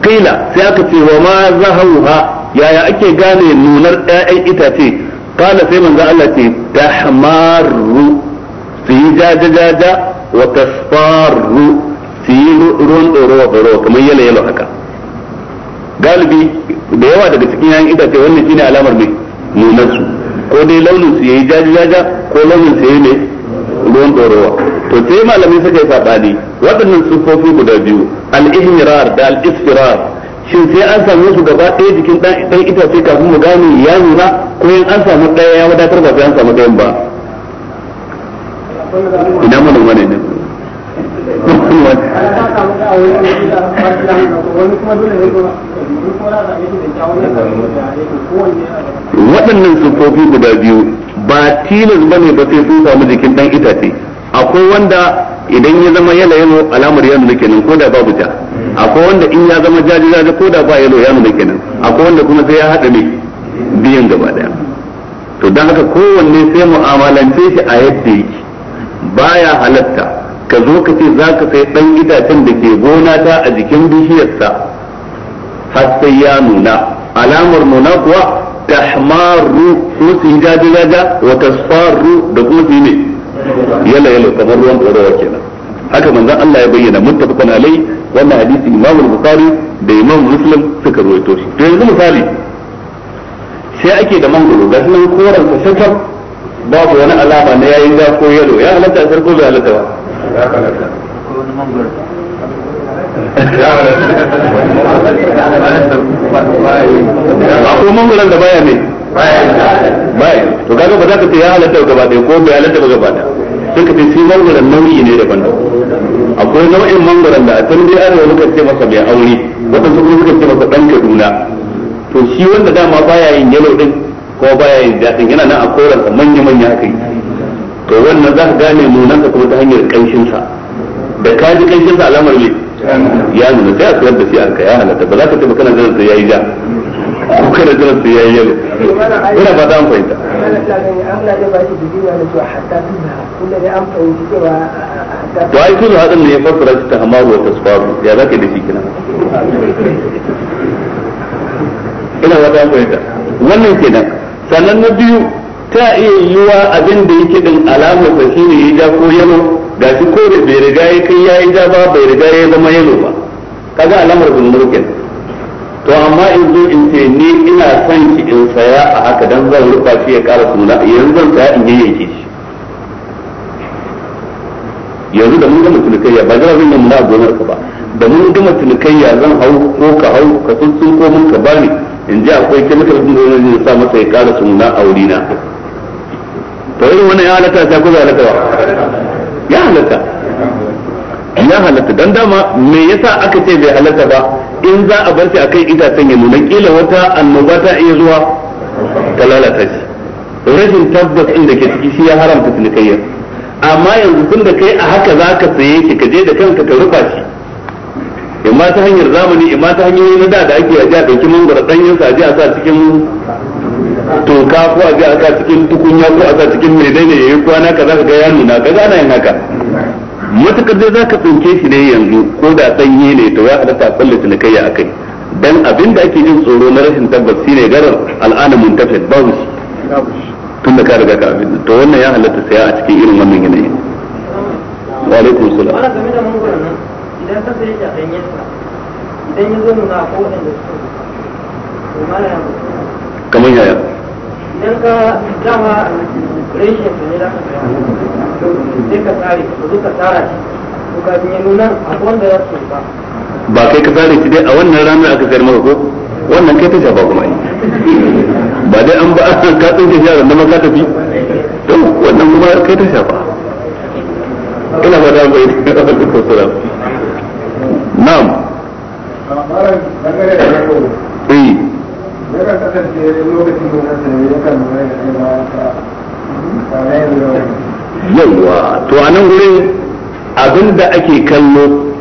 kila sai aka ce wa ma ya yaya ake gane nunar ƴaƴan itace kala sai manzo Allah ce tahmaru su jajajaja wa tasfaru fi ruwan ɗorowa kamar yalo yalo haka galibi da yawa daga cikin yayin itace wannan shine alamar mai nunar su ko dai launin su yayi jaji jaja ko launin su yayi ne ruwan dorowa to sai malamai suka yi sabani waɗannan sufofi guda biyu al-ihmirar da al istirar shin sai an samu su gaba ɗaya jikin ɗan itace kafin mu gane ya nuna ko in an samu ɗaya ya wadatar ba sai an samu ɗayan ba ina mana wani ne waɗannan sufofi guda biyu ba tilas ba ne ba sai sun samu jikin ɗan itace akwai wanda idan ya zama yala yalo alamar yalo da kenan ko da babu ja akwai wanda in ya zama jaji jaji ko da ba yalo yalo da kenan akwai wanda kuma sai ya haɗa ne biyan gaba daya to don haka kowanne sai mu'amalance shi a yadda yake baya halatta ka zo ka ce za ka sai ɗan itacen da ke gona ta a jikin bishiyarsa har sai ya nuna alamar nuna kuwa ta hamaru su yi jaji jaja wata tasfaru da kuma su yi ne yala yala kamar ruwan ɗorawa kenan haka manzon Allah ya bayyana muttafaqan alai wannan hadisi Imam Bukhari da Imam Muslim suka rawaito shi to yanzu misali sai ake da mangoro ga nan koran sa babu wani alama na yayin da ko yalo ya halatta a sarko bai halatta ba ya halatta akwai mangoron da baya mai baya to kaga ba za ka ce ya halatta gaba ɗaya ko bai halatta ba gaba ɗaya sai ka ce shi mangoron nau'i ne daban da akwai nau'in mangoron da a can dai arewa muka ce masa mai aure waɗansu su suka ce masa ɗan kaduna to shi wanda dama baya yin yalo din ko baya yin daɗin yana nan a koran manya-manya aka yi to wannan za ka gane nunan ka kuma ta hanyar kanshin sa da ka ji kanshin sa alamar ne ya nuna sai a tsayar da shi a ka ya halatta ba za ka tafi kana jiran sai yayi ja ko kana jiran sai yayi yalo ina ba an fahimta to ai kullu hadin ne ya fassara shi ta hamaru wa tasfaru ya za ka da shi kina ina ba an fahimta wannan kenan sannan na biyu ta iya yiwa abin da yake din alamar sa shine ya ja ko yalo ga shi ko da bai riga ya kai yi ja ba bai riga ya zama yalo ba kaga alamar bin kenan to amma in zo in ce ni ina son ki in saya a haka dan zan rufa shi ya ƙara suna yanzu zan saya in yayyanke shi yanzu da mun gama tunikayya, ba jira zan yi muna gonar ka ba da mun gama tunikayya zan hau ko ka hau ka sun ko mun ka bani in ji akwai kemikal din da zai sa masa ya ƙara suna a wurina to irin wannan ya halatta ta ko halatta ba ya halatta ya halatta dan dama me yasa aka ce bai halatta ba in za a bar shi akai itacen ya nuna kila wata annoba ta iya zuwa ta lalata shi rashin tabbas inda ke ciki shi ya haramta cinikayyar amma yanzu tun da kai a haka za ka saye shi ka je da kanka ka rufa shi imma ta hanyar zamani imma ta hanyoyi na da da ake yaji a ɗauki mangwara ɗanyen sa a je a sa cikin toka ko a a ka cikin tukunya ko a ga cikin mai daina ya yi kwana ka zaka ga ya nuna ka gana yin haka matukar dai zaka tsinke shi ne yanzu ko da sanye ne to ya halatta kullu tilkayya akai dan abin da ake jin tsoro na rashin tabbas shine garar al'ana muntafid babu shi tun da ka riga ka abin to wannan ya halatta sai a cikin irin wannan yanayi wa alaikum salam idan ka sai ya danye idan ya zo nuna ko wanda suka to malama kamar yaya idan ka dama ne da ka tsare ka zo ka tsara shi nuna wanda ya tsoka ba kai ka tsare shi dai a wannan ranar aka sayar maka ko wannan kai ta shafa kuma ba dai an ba ka tsinke shi a randama ka tafi to wannan kuma kai ta shafa ina ba da bai da ko sura na'am eh daga kasance lokacin da nasa ne kan lura da kai bayan tare da yawwa to a nan gurin abin da ake kallo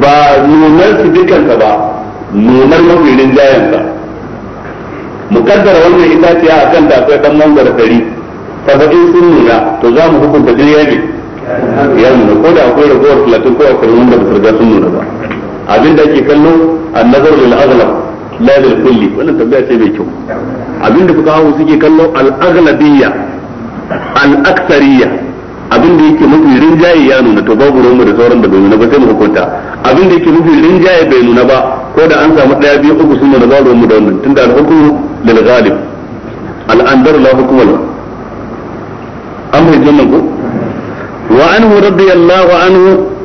ba nunar su dukansa ba nunar mafi mu mukaddara wannan itaciya a kan da akwai dan mangwara dari saba'in sun nuna to za mu hukunta duk ne ya nuna ko da akwai ragowar talatin ko akwai wanda ba su riga sun nuna ba abin da ake kallo annabar lil la kulli wannan tambaya ce mai kyau abinda kuka hawo suke kallo al aghlabiyya al aktsariyya abinda yake mafi rinjaye ya nuna to babu ruwanmu da sauran da bai nuna ba sai mu hukunta abinda yake mafi rinjaye bai nuna ba ko da an samu daya biyu uku sun nuna za mu da wannan tunda al hukmu lil ghalib al andar la hukma la amma jannan ko wa anhu radiyallahu anhu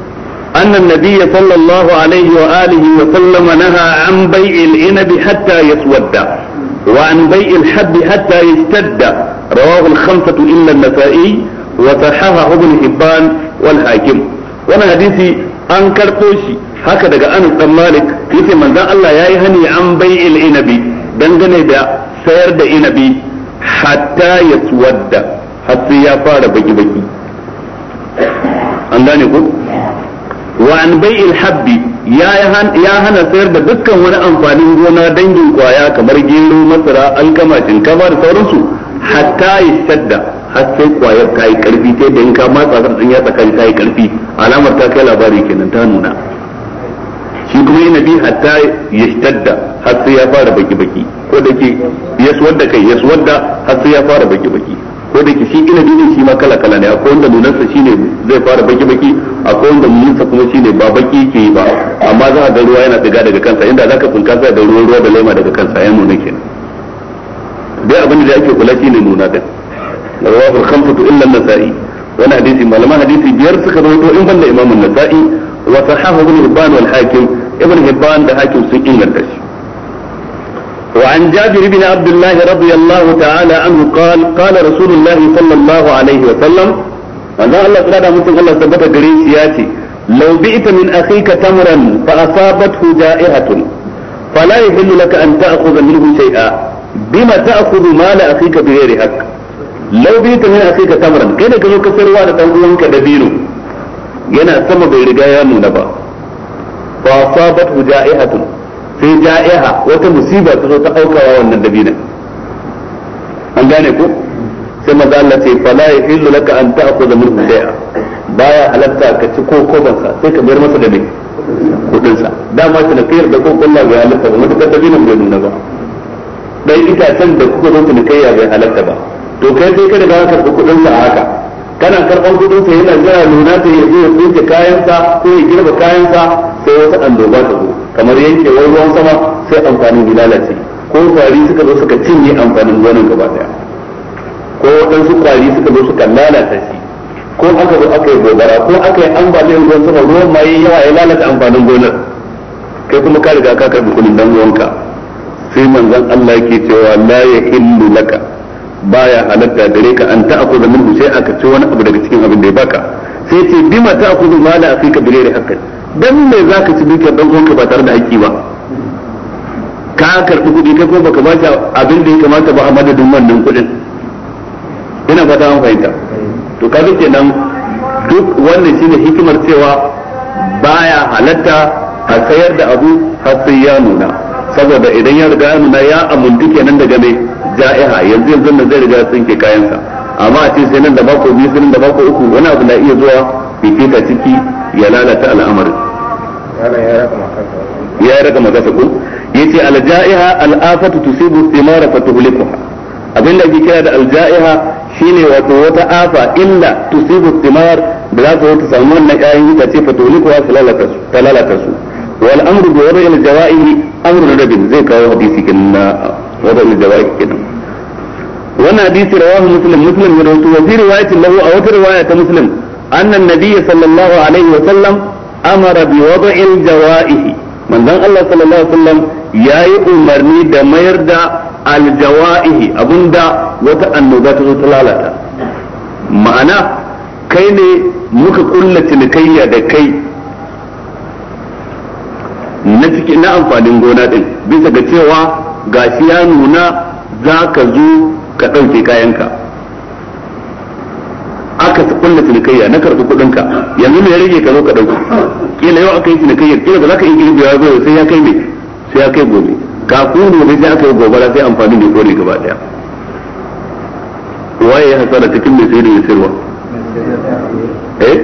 أن النبي صلى الله عليه وآله وسلم نهى عن بيع العنب حتى يسود وعن بيع الحب حتى يشتد رواه الخمسة إلا النسائي وصححه ابن حبان والحاكم وانا حديثي an karɓo shi haka daga Anas dan Malik yace manzon Allah yi hani an bai inabi dangane da sayar da inabi hata ya suwadda har sai ya fara baki baki wa an bai'il habbi ya hana sayar da dukkan wani amfanin gona dangin kwaya kamar gero masara alkama shinkafa da sauransu hatta ya shadda har sai kwayar ta yi karfi ta yadda in ka matsa kan ya tsakani ta yi karfi alamar ta kai labari kenan ta nuna shi kuma yana bi hatta ya shadda har sai ya fara baki baki ko da ke yaswar da kai yaswar da har sai ya fara baki baki ko da ke shi inabi ne shi ma kala kala ne akwai wanda nunansa shine zai fara baki baki akwai wanda nuninsa kuma shine ba baki ke yi ba amma za a ga ruwa yana daga daga kansa inda ka funka sai da ruwa ruwa da lema daga kansa ya nuna ke dai abin da ake kula shine nuna din rawahu al-khamsatu illa an-nasa'i wani hadisi malaman hadisi biyar suka rawaito in banda imamun nasa'i wa sahahu ibn hibban wal hakim ibn hibban da hakim sun inganta shi وعن جابر بن عبد الله رضي الله تعالى عنه قال قال رسول الله صلى الله عليه وسلم أن الله تعالى ممكن الله ثبت قريسياتي لو بئت من أخيك تمرا فأصابته جائحة فلا يحل لك أن تأخذ منه شيئا بما تأخذ مال أخيك بغير حق لو بئت من أخيك تمرا كيف كذو كسر وانا تنقلنك دبينه ينا سمى بإرقايا نونبا فأصابته جائحة sai ja'iha wata musiba ta zo ta aukawa wannan dabinan an gane ku. sai maza Allah ce fala yahillu laka an ta'khudha minhu shay'a baya halatta ka ci ko kobansa sa sai ka bayar masa da mai kudin sa dama kayar da kun kulla bai halatta ba mutakar dabinan bai nuna ba ita san da kuka zo kayya bai halatta ba to kai sai ka daga karɓi kudin sa haka kana karɓar kudin sa yana jira nuna ta ya zo ya tsinke kayan sa ko ya girba kayan sa sai wata doba ta zo kamar wai ruwan sama sai amfanin ya lalace ko kwari suka zo suka cinye amfanin gonan gaba daya ko waɗansu kwari suka zo suka lalata shi ko aka zo aka yi gobara ko aka yi ambaliyar ruwan sama ruwan ma yayi yawa ya lalata amfanin gonar kai kuma ka riga ka karbi kullun dan ruwanka sai manzon Allah yake cewa la yahillu laka baya halatta gare ka an ta'khudha minhu sai aka ci wani abu daga cikin abin da ya baka sai ce bima ta'khudhu mala afika bi ghairi haqqin dan me zaka ci dukiyar dan uwanka ba tare da aiki ba ka karɓi kuɗi ka kuma baka ba shi abin da ya kamata ba a madadin wannan kuɗin ina fata an fahimta to ka ke nan duk wannan shine hikimar cewa baya halatta a sayar da abu har sai ya nuna saboda idan ya riga ya nuna ya amuntu kenan daga mai ja'iha yanzu yanzu nan zai riga tsinke kayansa amma a ce sai nan da bako biyu sai nan da bako uku wani abu na iya zuwa fifita ciki ya lalata al'amarin ya raga magasa ko yace aljaiha al'afatu tusibu thimara fatuhlikuha abinda ake kira da aljaiha shine wato wata afa illa tusibu thimar da za ta wata samu wannan ƴaƴan itace fatuhlikuha ta lalata su wal amru bi wada al jawaihi amru rabin zai kawo hadisi kin na wada al jawaihi kin wannan hadisi rawahu muslim muslim ya rawaito wa fi riwayatin lahu a wata riwaya ta muslim anna an-nabiy sallallahu alaihi wa sallam amara bi wada'il jawaihi manzon Allah sallallahu alaihi wasallam yayi umarni da mayar da aljawaihi abinda wata annoba ta zo ta lalata ma'ana kai ne muka kulla cinikayya da kai na cikin na amfanin gona din bisa ga cewa gashi ya nuna za ka zo ka ɗauke kayanka kulla cinikayya na karɓi kuɗin ka yanzu me ya rage ka zo ka ɗauka kila yau aka yi cinikayyar kila ba za ka yi girbewa ba sai ya kai me sai ya kai gobe kafin gobe sai aka yi gobara sai amfani da dole gaba daya waye ya hasara cikin mai sayar da mai sayarwa eh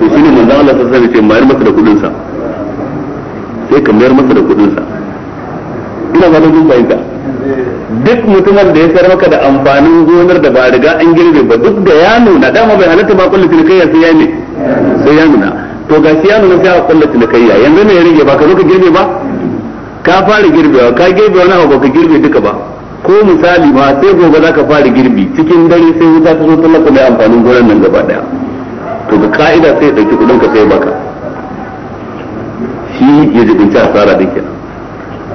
to shine manzon Allah sallallahu sai ce mayar masa da kuɗin sa sai ka mayar masa da kuɗin sa ina ba da kun fahimta duk mutumin da ya sayar maka da amfanin gonar da ba riga an girbe ba duk da ya nuna dama bai halatta ba kullu tilkayya sai ya ne sai ya nuna to ga shi ya nuna sai a kullu tilkayya yanzu ne ya rige ba ka zo ka girbe ba ka fara girbewa ka girbe wani abu ka girbe duka ba ko misali ma sai gobe za ka fara girbi cikin dare sai wuta ta zo tallaka da amfanin gonar nan gaba daya to ga ka'ida sai ya ɗauki kuɗin ka sai baka shi ya jibinci asara din kenan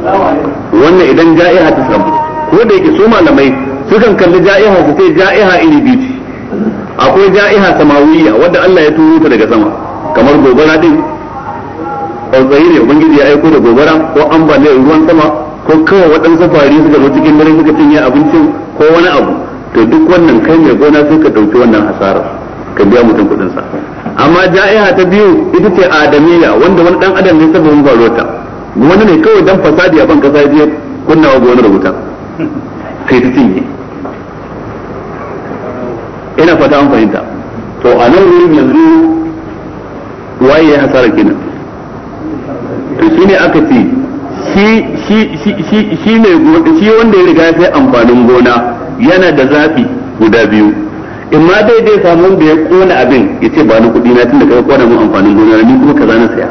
wannan idan ja'iha ta samu ko da yake su malamai sukan kalli ja'iha su sai ja'iha iri biyu ce akwai ja'iha samawiyya wadda Allah ya turo ta daga sama kamar gobara din tsautsayi ne ubangiji ya aiko da gobara ko ambaliyar ruwan sama ko kawai waɗansu fari suka zo cikin dare suka cinye abincin ko wani abu to duk wannan kai mai gona sai ka ɗauki wannan hasarar ka biya mutum kuɗinsa amma ja'iha ta biyu ita ce adamiya wanda wani ɗan adam ne sabon ta. wani ne kawai dan fasadi a ban kasa je kunnawa gonar rubuta kai ta cinye ina fata an fahimta to a nan wurin yanzu waye ya hasara kenan to shine aka ce shi ne shi wanda ya riga sai amfanin gona yana da zafi guda biyu in ma daidai samun da ya kona abin ya ce ba ni kuɗi na tun da kai kona mun amfanin gona ni kuma kaza na saya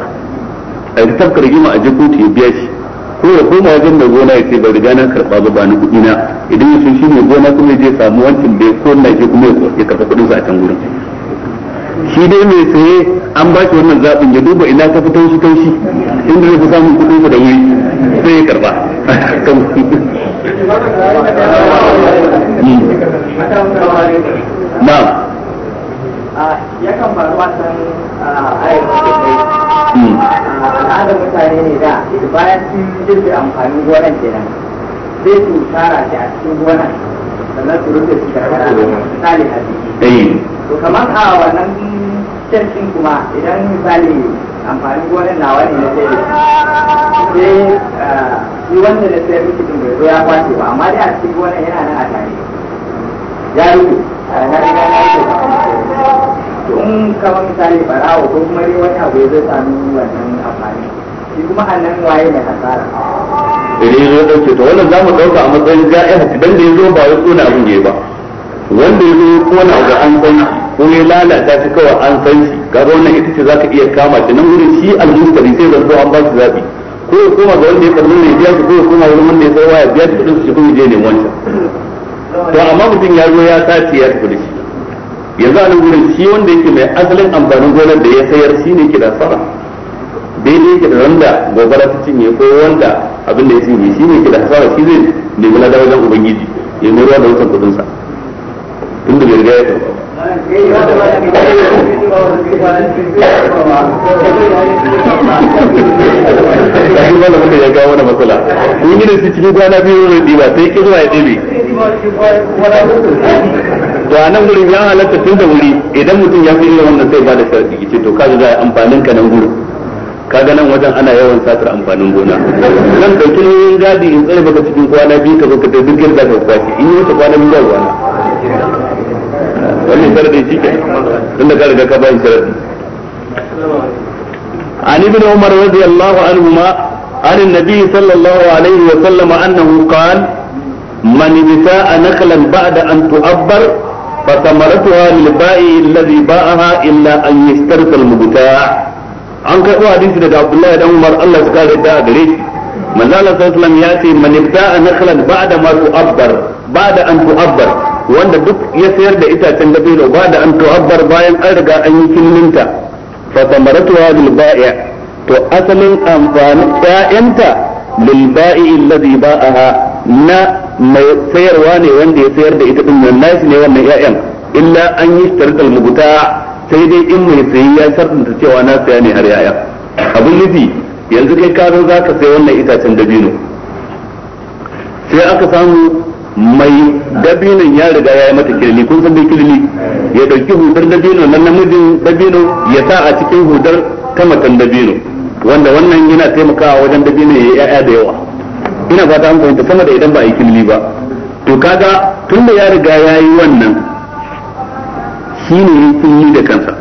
a yi tafkar rigima a je kotu ya biya shi ko ya koma wajen da gona ya ce ba riga na karɓa ba ba ni kuɗi na idan ya shi ne gona kuma ya je samu wancan bai ko na shi kuma ya karɓa kuɗin sa a can gurin shi dai mai saye an ba shi wannan zaɓin ya duba ina ta shi taushi taushi inda ya fi samun kuɗin sa da wuri sai ya karɓa na'am yakan faruwa san ayyukan al'adar mutane ne da bayan sun jirgin amfanin gonan kenan zai su tara shi a cikin gonan sannan su rufe su karɓar misali a jiki eh. to kamar a wannan canjin kuma idan misali amfanin gonan nawa ne na sai sai ah, shi wanda na sayar miki din bai zo ya kwace ba amma dai a cikin gonan yana nan a tare ya rufe na riga na yi to in kamar misali barawo ko kuma dai wani abu ya zai sami wannan shi kuma a nan waye ne hasara idan ya zo ɗauke to wannan za mu ɗauka a matsayin ja'iha dan da ya zo ba wasu tsona abin ya ba wanda ya zo ya kona ga an san ko ya lalata shi kawai an san shi kaga wannan ita ce zaka iya kama shi nan wurin shi al-mustari sai zanto an ba shi zabi ko ya koma ga wanda ya karbi ne biya ko ya koma wurin wanda ya sarwa waya biya shi kudin shi kuma je neman wancan to amma mutum ya zo ya sace ya tafi da shi yanzu a nan wurin shi wanda yake mai asalin amfanin gonar da ya sayar shi ne ke da sara daidai yake da wanda gobara ta cinye ko wanda abin da ya cinye shi ne ke da hasara shi zai nemi wajen ubangiji ya da kudin sa riga ya ba da ya wani matsala. Kun yi da su cikin kwana biyu sai zuwa ya ɗebe. to a nan gurin ya halatta tun da wuri idan mutum ya fi irin wannan sai ba da sharadi ce to kaji za a amfanin ka nan gurin kaga nan wajen ana yawan satar amfanin gona nan dauki nauyin gadi in tsare baka cikin kwana biyu ka zo ka da dukkan da ka kwaci in yi ta kwana biyu ba kwana wani sharadin shi ke tunda ka riga ka bayin sharadin عن ابن an karɓo hadisi daga abdullahi dan umar Allah su kare da a gare shi manzo Allah sallallahu ya ce man ibta'a nakhlan ba'da ma tu'abbar ba'da an tu'abbar wanda duk ya sayar da itacen dabino ba'da an tu'abbar bayan an riga an yi killinta fa samaratuha lil ba'i' to asalin amfani ƴaƴanta lil ba'i alladhi ba'aha na mai sayarwa ne wanda ya sayar da ita din nan nashi ne wannan ƴaƴan illa an yi sharatal mubuta sai dai in mai sayi ya shartanta cewa na saya ne har yaya abin nufi yanzu kai ka zo zaka sai wannan itacen dabino sai aka samu mai dabinon ya riga ya yi mata kirli kun san dai kirli ya dauki hudar dabino na namijin dabino ya sa a cikin hudar ta matan dabino wanda wannan yana taimakawa wajen dabino ya yi ya'ya da yawa ina fata an fahimta sama da idan ba a yi kirli ba to kaga tun da ya riga ya yi wannan shi ne ya yi da kansa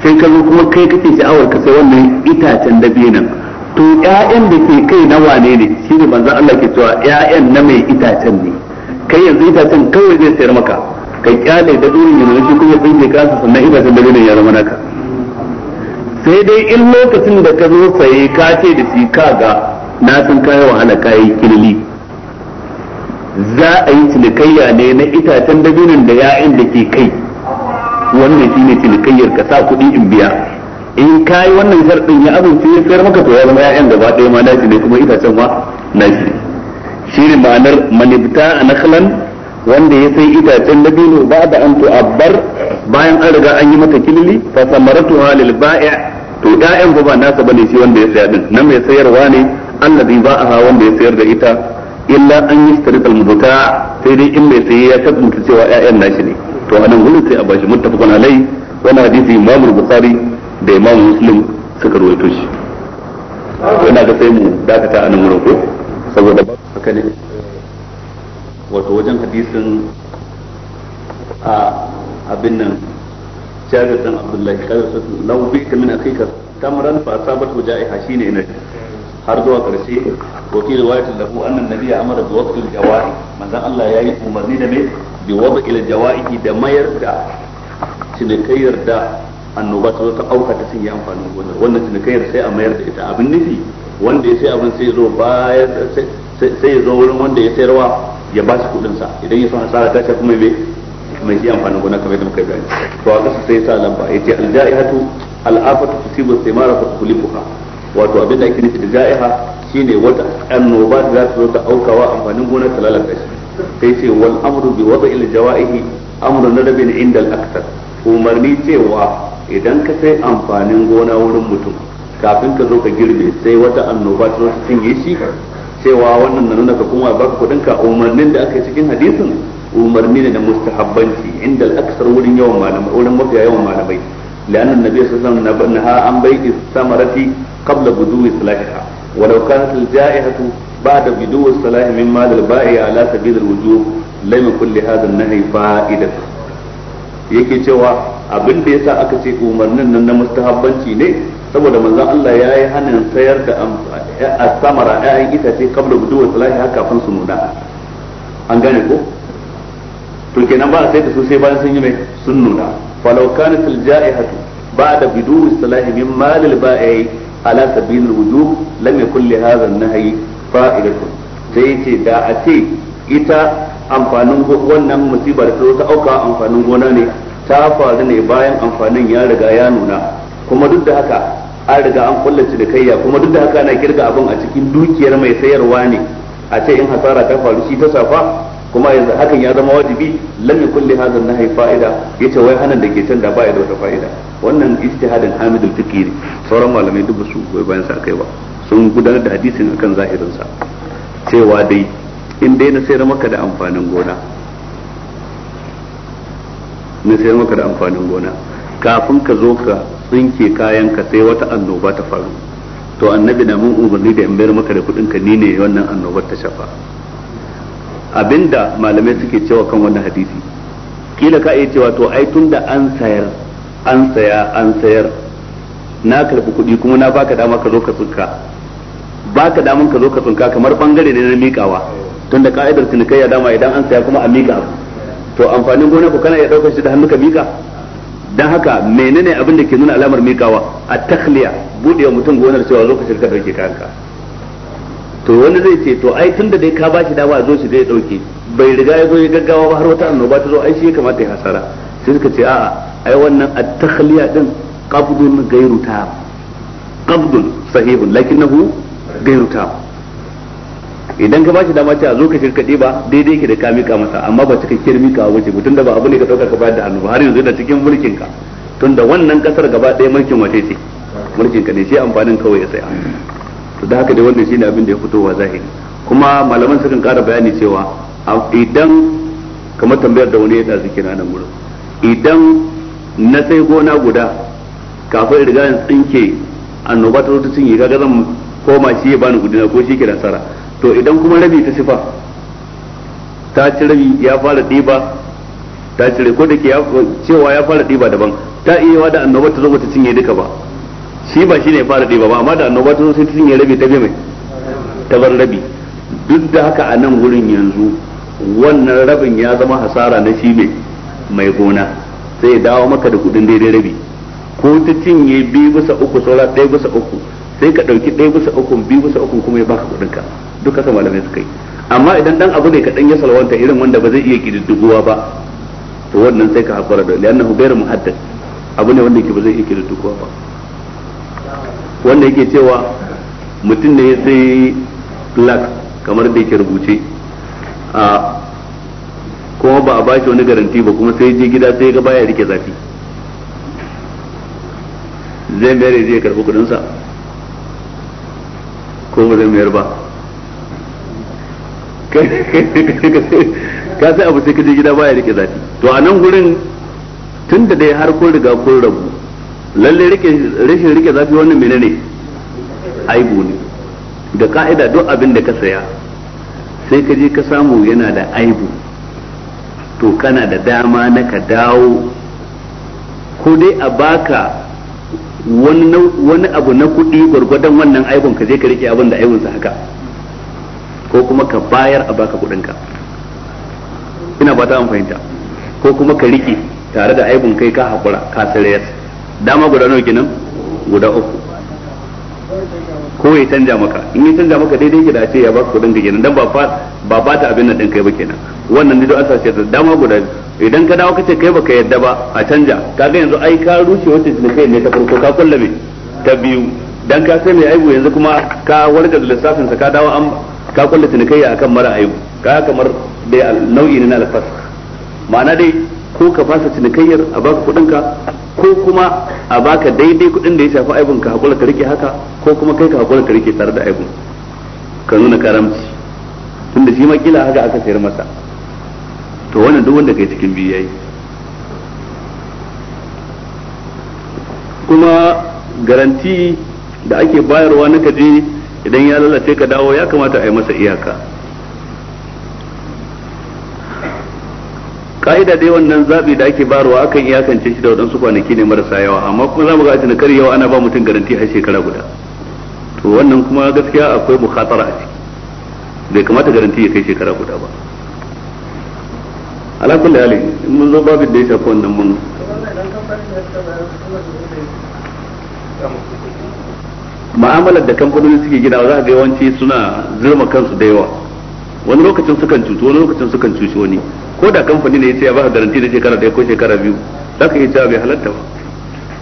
sai ka zo kuma kai kake sha'awar ka sai wannan itacen dabinan to ƴaƴan da ke kai na wane ne shi ne manzon Allah ke cewa ƴaƴan na mai itacen ne kai yanzu itacen kawai zai sayar maka ka kyale da durin yanzu shi kuma tsinke kansa sannan itacen dabinan ya zama naka sai dai in lokacin da ka zo saye ka ce da shi ka ga na san kai wahala kai kirli za a yi cinikayya ne na itacen dabinin da ya'in da ke kai wannan shine cinikayyar ka sa kuɗi in biya in yi wannan sharɗin ya amince ya sayar maka to ya zama ƴaƴan gaba ɗaya ma nashi ne kuma itacen ma nashi ma'anar manibta nakhlan wanda ya sai itacen dabino ba da an to abbar bayan an riga an yi mata kilili fa samaratuha lil ba'i to ƴaƴan ba nasa bane shi wanda ya saya din nan mai sayarwa ne allazi ba'aha wanda ya sayar da ita illa an yi al mubuta sai dai in mai saye ya tabbata cewa yayan nashi ne to anan gurin sai a bashi muttafaqun alai wannan hadisi Imam Bukhari da Imam Muslim suka ruwaito shi ina ga sai mu dakata anan gurin ko saboda haka ne eh, wato wajen hadisin a abin nan Jabir dan Abdullahi qala sallallahu alaihi bi min akika tamran fa asabat wajaiha shine ina har zuwa karshe wa fi riwayatin lahu anna nabiyya amara da waqti jawai manzan Allah ya yi umarni da mai bi waqti al-jawa'i da mayar da cinikayyar da annoba ta zo ta auka ta sun yi amfani gona wannan cinikayyar sai a mayar da ita abin nufi wanda ya sai abin sai zo bayan sai ya zo wurin wanda ya sayarwa ya ba shi kudin sa idan ya so hasara ta kuma mai mai yi amfani gona kamar yadda muka bayani to a kasa sai ya sa lamba ya ce jaihatu al-afatu sai mara fa tulifuha wato abin da ake nufi da ja'iha shine wata annoba da za ta zo ta aukawa amfanin gona ta lalata shi sai ce wal amru bi wada'il jawaihi amru nadabin inda al akthar umarni cewa idan ka sai amfanin gona wurin mutum kafin ka zo ka girbe sai wata annoba ta zo ta cinye shi cewa wannan na nuna ka kuma baka kudin ka umarnin da aka yi cikin hadisin umarni ne na mustahabbanci inda al-aksar wurin yawan malamai wurin mafiya yawan malamai lannan nabi sallallahu alaihi wasallam na ha an بيع samarati قبل بدو صلاحها ولو كانت الجائحة بعد بدو الصلاح من مال البائع على سبيل الوجوب لم wujub lam النهي فائدة yake cewa abin da yasa aka ce umarnin nan na mustahabbanci ne saboda manzo Allah ya yi hanin sayar da samara ƴaƴan itace kabla buduwa salahi haka kafin su nuna an gane ko to kenan ba sai da su sai bayan sun yi mai sun nuna falau kanat al ja'ihatu ba'da buduwa salahi min malil ba'i ala sabilil wujub lam yakul li hadha an-nahyi fa'idatun sai ce da a ce ita amfanin wannan musiba da ta auka amfanin gona ne ta faru ne bayan amfanin ya riga ya nuna kuma duk da haka an riga an kullace da kai ya kuma duk da haka ana kirga abin a cikin dukiyar mai sayarwa ne a ce in hasara ta faru shi ta safa kuma yanzu hakan ya zama wajibi lam yakul li hadha an-nahy fa'ida yace wai hanan da ke can da ba ya da wata fa'ida wannan ijtihadin hamidul fikiri sauran malamai duk su goyi bayan sa kai ba sun gudanar da hadisin akan zahirin sa cewa dai in dai na sayar maka da amfanin gona na sayar maka da amfanin gona kafin ka zo ka tsinke kayan ka sai wata annoba ta faru to annabi na mun umarni da in bayar maka da kudin ka ni ne wannan annobar ta shafa abinda malamai suke cewa kan wannan hadisi kila ka iya cewa to ai tunda an sayar an saya an sayar na karbi kuɗi kuma na baka dama ka zo ka tsinka baka daman ka zo ka tsinka kamar bangare ne na miƙawa tunda ka'idar cinikayya dama idan an saya kuma a miƙa to amfanin gona ku kana iya ɗaukar shi da hannu ka miƙa dan haka menene abin da ke nuna alamar mikawa a takhliya wa mutum gonar cewa zo ka shirka dauke kanka to wani zai ce to ai tunda dai ka bashi dama zo shi zai dauke bai riga ya zo ya gaggawa ba har wata annoba ta zo ai shi ya kamata ya hasara sai suka ce a'a ai wannan at-takhliya din qabdun غير تام قبض صحيح لكنه غير تام idan ka bashi dama ce a zo ka shirka ba daidai ke da ka mika masa amma ba cikakkiyar mika wace mutum da ba abu ne ka ɗaukar ka bayar da annoba har yanzu yana cikin mulkin ka tunda wannan ƙasar gaba ɗaya mulkin wace ce mulkin ka ne shi amfanin kawai ya saya to da haka dai wannan shine abin da ya fito wa zahiri kuma malaman sukan ƙara bayani cewa idan kamar tambayar da wani ya dazu kenan nan gurin idan na sai gona guda kafin riga in tsinke annoba ta zo ta cinye kaga zan koma shi ya bani gudina ko shi ke nasara to idan kuma rabi ta sifa ta ci rabi ya fara ɗiba ta cire ko da ke cewa ya fara ɗiba daban ta iya wa da annoba ta zo ba ta cinye duka ba shi ba shi ne fara ɗiba ba amma da annoba ta zo sai ta cinye rabi ta bi mai ta bar rabi duk da haka a nan wurin yanzu wannan rabin ya zama hasara na shi mai gona sai ya dawo maka da kudin daidai rabi ko ta cinye biyu bisa uku saura ɗaya bisa uku sai ka ɗauki ɗaya bisa uku biyu bisa uku kuma ya baka kuɗin ka duk haka malamai suka yi amma idan dan abu ne kaɗan ya salwanta irin wanda ba zai iya kididdigowa ba to wannan sai ka haƙura da li'annahu ghairu muhaddad abu ne wanda ke ba zai iya kididdigowa ba wanda yake cewa mutum ne ya sai black kamar da yake rubuce a ah, kuma ba a bashi wani garanti ba kuma sai je gida sai ga baya rike zafi zai mayar ya je ya kuɗinsa ko ba zai mayar ba ka sai abu sai ka je gida baya rike zafi to a nan gurin tun da dai har kun riga kun rabu lalle rashin rike zafi wannan ne aibu ne da ka'ida duk abin da ka saya sai ka je ka samu yana da aibu to kana da dama na ka dawo ko dai a baka wani abu na kuɗi gwargwadon wannan aibun ka je ka rike abin da aibinsa haka ko kuma ka bayar a baka kuɗinka ina ba ta an fahimta ko kuma ka rike tare da aibun kai ka haƙura ka sarayar dama guda nawa kenan guda uku ko ya canja maka in ya canja maka daidai ke da ce ya baka kuɗin ka kenan dan ba ba ta abin nan ɗin kai ba kenan wannan ne don an sace da dama guda biyu idan ka dawo kace kai baka yadda ba a canja kaga yanzu ai ka rushe wacce kai ne ta farko ka kulla me ta biyu dan ka sai mai aibu yanzu kuma ka warga da lissafin sa ka dawo an ka kulla cinikayya akan mara aibu ka kamar dai nau'i ne na alfas ma'ana dai ko ka fasa cinikayyar a baka kudin ka ko kuma a baka daidai kudin da ya shafi aibun ka hakura ka rike haka ko kuma kai ka hakura ka rike tare da aibun ka nuna karamci tunda shi ma kila haka aka sayar masa to wannan duk wanda kai cikin biyu yayi kuma garanti da ake bayarwa na kaje idan ya lalace ka dawo ya kamata a yi masa iyaka ka'ida dai wannan zabi da ake bayarwa akan iyakance shi da waɗansu kwanaki ne marasa yawa amma kuma za mu ga a kar yawa ana ba mutum garanti har shekara guda to wannan kuma gaskiya akwai bukatar a ciki bai kamata garanti ya kai shekara guda ba ala kulli hali in mun zo babin da ya shafi wannan mun ma'amalar da kamfanoni suke gina za ga yawanci suna zirma kansu da yawa wani lokacin sukan cutu wani lokacin sukan cuci wani ko da kamfani ne ya ce ya baka garanti da shekara ɗaya ko shekara biyu za ka iya cewa bai halatta ba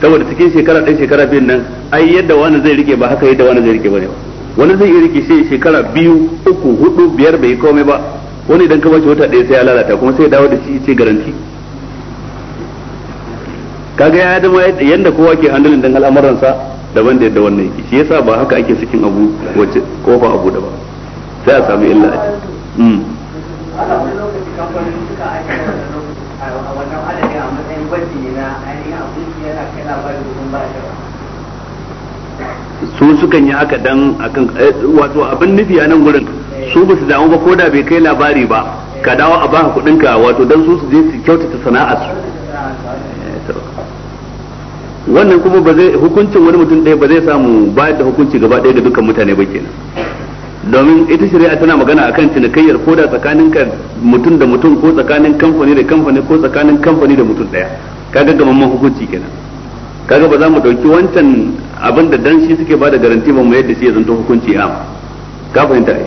saboda cikin shekara ɗaya shekara biyun nan ai yadda wani zai rike ba haka yadda wani zai rike ba ne wani zai iya rike shi shekara biyu uku hudu biyar bai komai ba wani idan ka bashi wata ɗaya sai ya lalata kuma sai ya dawo da shi ce garanti kaga ya zama yanda kowa ke handling dan al'amuransa daban da yadda wannan yake shi yasa ba haka ake cikin abu wace kofa abu da ba sai a samu illa a cikin hmm. su sukan yi haka dan akan eh, wato abin nufi a nan gurin su ba su damu ba ko da bai kai labari ba ka dawo a baka kuɗin ka wato dan su su je su kyautata sana'ar su wannan kuma ba zai hukuncin wani mutum ɗaya ba zai samu bayar da hukunci gaba ɗaya ga dukkan mutane ba kenan domin ita shari'a tana magana akan cinikayyar ko da tsakanin ka mutum da mutum ko tsakanin kamfani da kamfani ko tsakanin kamfani da mutum ɗaya kaga gamamman hukunci kenan kaga ba za mu ɗauki wancan abin da dan shi suke ba da garanti ba mu yadda shi ya zanto hukunci am ka fahimta ai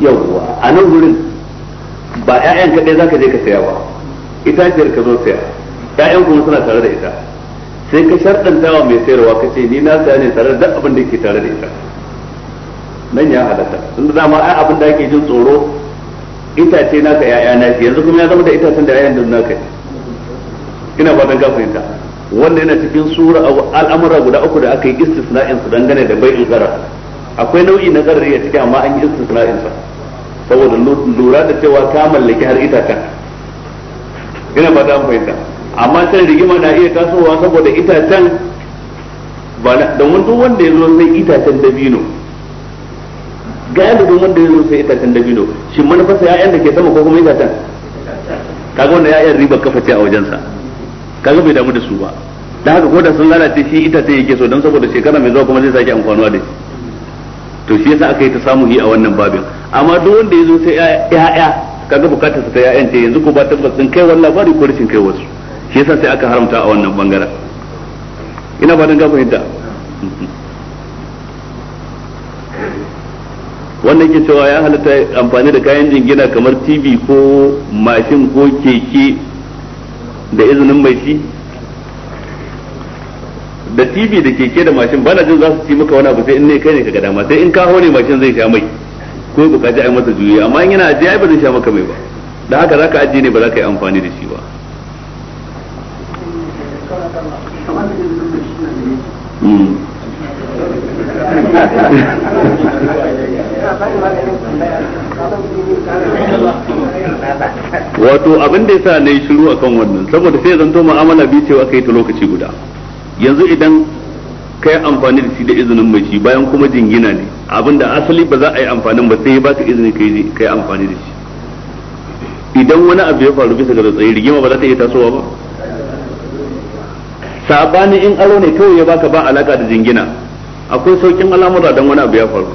yawwa a nan wurin ba 'ya'yan kaɗai za ka je ka saya ba itaciyar ka zo saya 'ya'yan kuma suna tare da ita sai ka shardanta wa mai sayarwa ka ce ni na saya ne tare da abin da ke tare da ita nan ya halatta sun da dama ai abin da ake jin tsoro itace naka 'ya'ya na yanzu kuma ya zama da itacen da 'ya'yan din naka ina fatan ka fahimta wanda yana cikin sura al'amura guda uku da aka yi istisna'in su dangane da bai'in zarar akwai nau'i na zarri a cikin amma an yi istisna'in sa saboda lura da cewa ka mallaki har itacen ina ba ta fahimta amma sai rigima na iya tasowa saboda itacen ba na domin duk wanda ya sai ita itacen dabino galibin wanda ya sai ita itacen dabino shi manufarsa ya'yan da ke sama ko kuma itacen kaga wanda ya'yan riba kafa ce a wajensa kaga bai damu da su ba da haka ko da sun lalace shi itacen yake so don saboda shekara mai zuwa kuma zai sake amfanuwa da shi to shi yasa aka yi ta samu yi a wannan babin amma duk wanda ya zo sai ya'ya kaga bukatar sa ta ya'yan ce yanzu ko ba tabbas sun kai wannan labari ko rashin kai wasu shi yasa sai aka haramta a wannan bangaren ina fatan ka fahimta wannan ke cewa ya halatta amfani da kayan jingina kamar tv ko mashin ko keke da izinin mai shi da TV da keke da mashin bana jin za su ci maka wani abu sai in ne kai ne ka gada sai in ka hau ne mashin zai sha mai ko bukaci yi masa juyi amma in yana ajiye ba zai sha maka mai ba da haka ka ajiye ne ba za ka yi amfani da shi ba hmm. wato abin da yasa na yi shiru akan wannan saboda sai zanto mu'amala biyu cewa kai ta lokaci guda yanzu idan ka yi amfani da shi da izinin mai shi bayan kuma jingina ne abinda asali ba za a yi amfanin ba sai ya baka izini ka yi amfani da shi idan wani abu ya faru bisa ga tsaye rigima ba za ta iya tasowa ba sabani in aro ne kawai ya baka ba alaka da jingina akwai saukin al'amura dan wani abu ya faru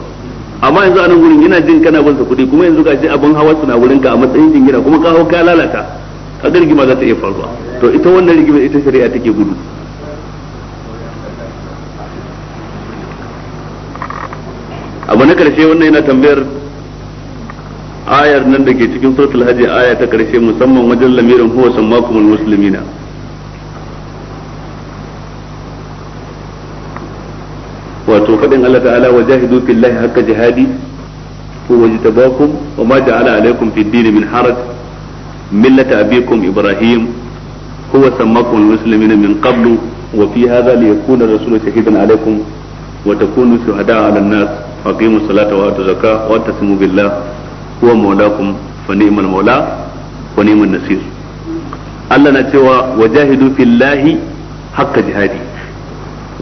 amma yanzu a nan gurin yana jin kana bin sa kuɗi kuma yanzu ga shi abin hawa suna wurin ka a matsayin jingina kuma ka hau ka lalata kaga rigima za ta iya faruwa to ita wannan rigima ita shari'a take gudu abu na karshe wannan yana tambayar ayar nan da ke cikin suratul hajji aya ta karshe musamman wajen lamirin huwa sammakumul muslimina wato fadin Allah ta'ala wa jahidu fillahi hakka jihadi huwa jitabakum wa ma ja'ala alaykum fid din min haraj millata abikum ibrahim huwa sammakumul muslimina min qablu wa fi hadha liyakuna rasulullahi shahidan alaykum wa takunu shuhada'a 'alan nas aqimu الصلاة wa الزكاة واتسموا بالله هو مولاكم huwa mawlakum fa ni'mal mawla نتوى وجاهدوا في Allah na cewa wajahidu في جهادي jihadi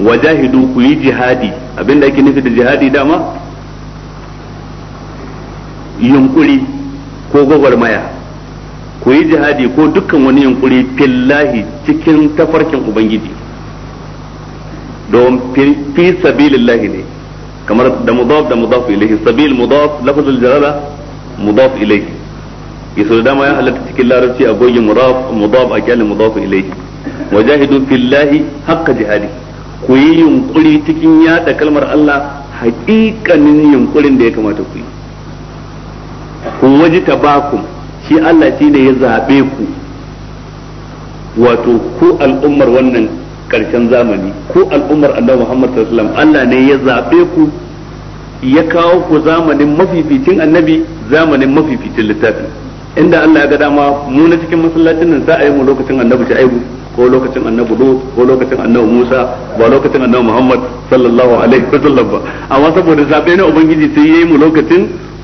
wajahidu ku jihadi ينقلي ake nufi da jihadi dama ko gwagwarmaya ku yi jihadi ko dukkan wani yunkuri fillahi cikin tafarkin ubangiji don fi sabilillahi ne kamar da mudaf da mudaf ilayhi sabil mudaf lafzul jalala mudaf ilayhi yaso da dama ya halatta cikin larabci a gogin mudaf mudaf a kyalin mudaf ilayhi wajahidu fillahi haqqa jihadi ku yi yunkuri cikin yada kalmar Allah haƙiƙanin yunkurin da ya kamata ku yi ku waji tabakum shi Allah shi ne ya zaɓe ku wato ku al'ummar wannan karshen zamani ko al'ummar annabi Muhammad sallallahu alaihi Allah ne ya zabe ku ya kawo ku zamanin mafificin annabi zamanin mafificin littafi inda Allah ya ga dama mu na cikin masallacin nan za a yi mu lokacin annabi Shu'aibu ko lokacin annabi Lut ko lokacin annabi Musa ba lokacin annabi Muhammad sallallahu alaihi wasallam ba amma saboda zabe na ubangiji sai yayi mu lokacin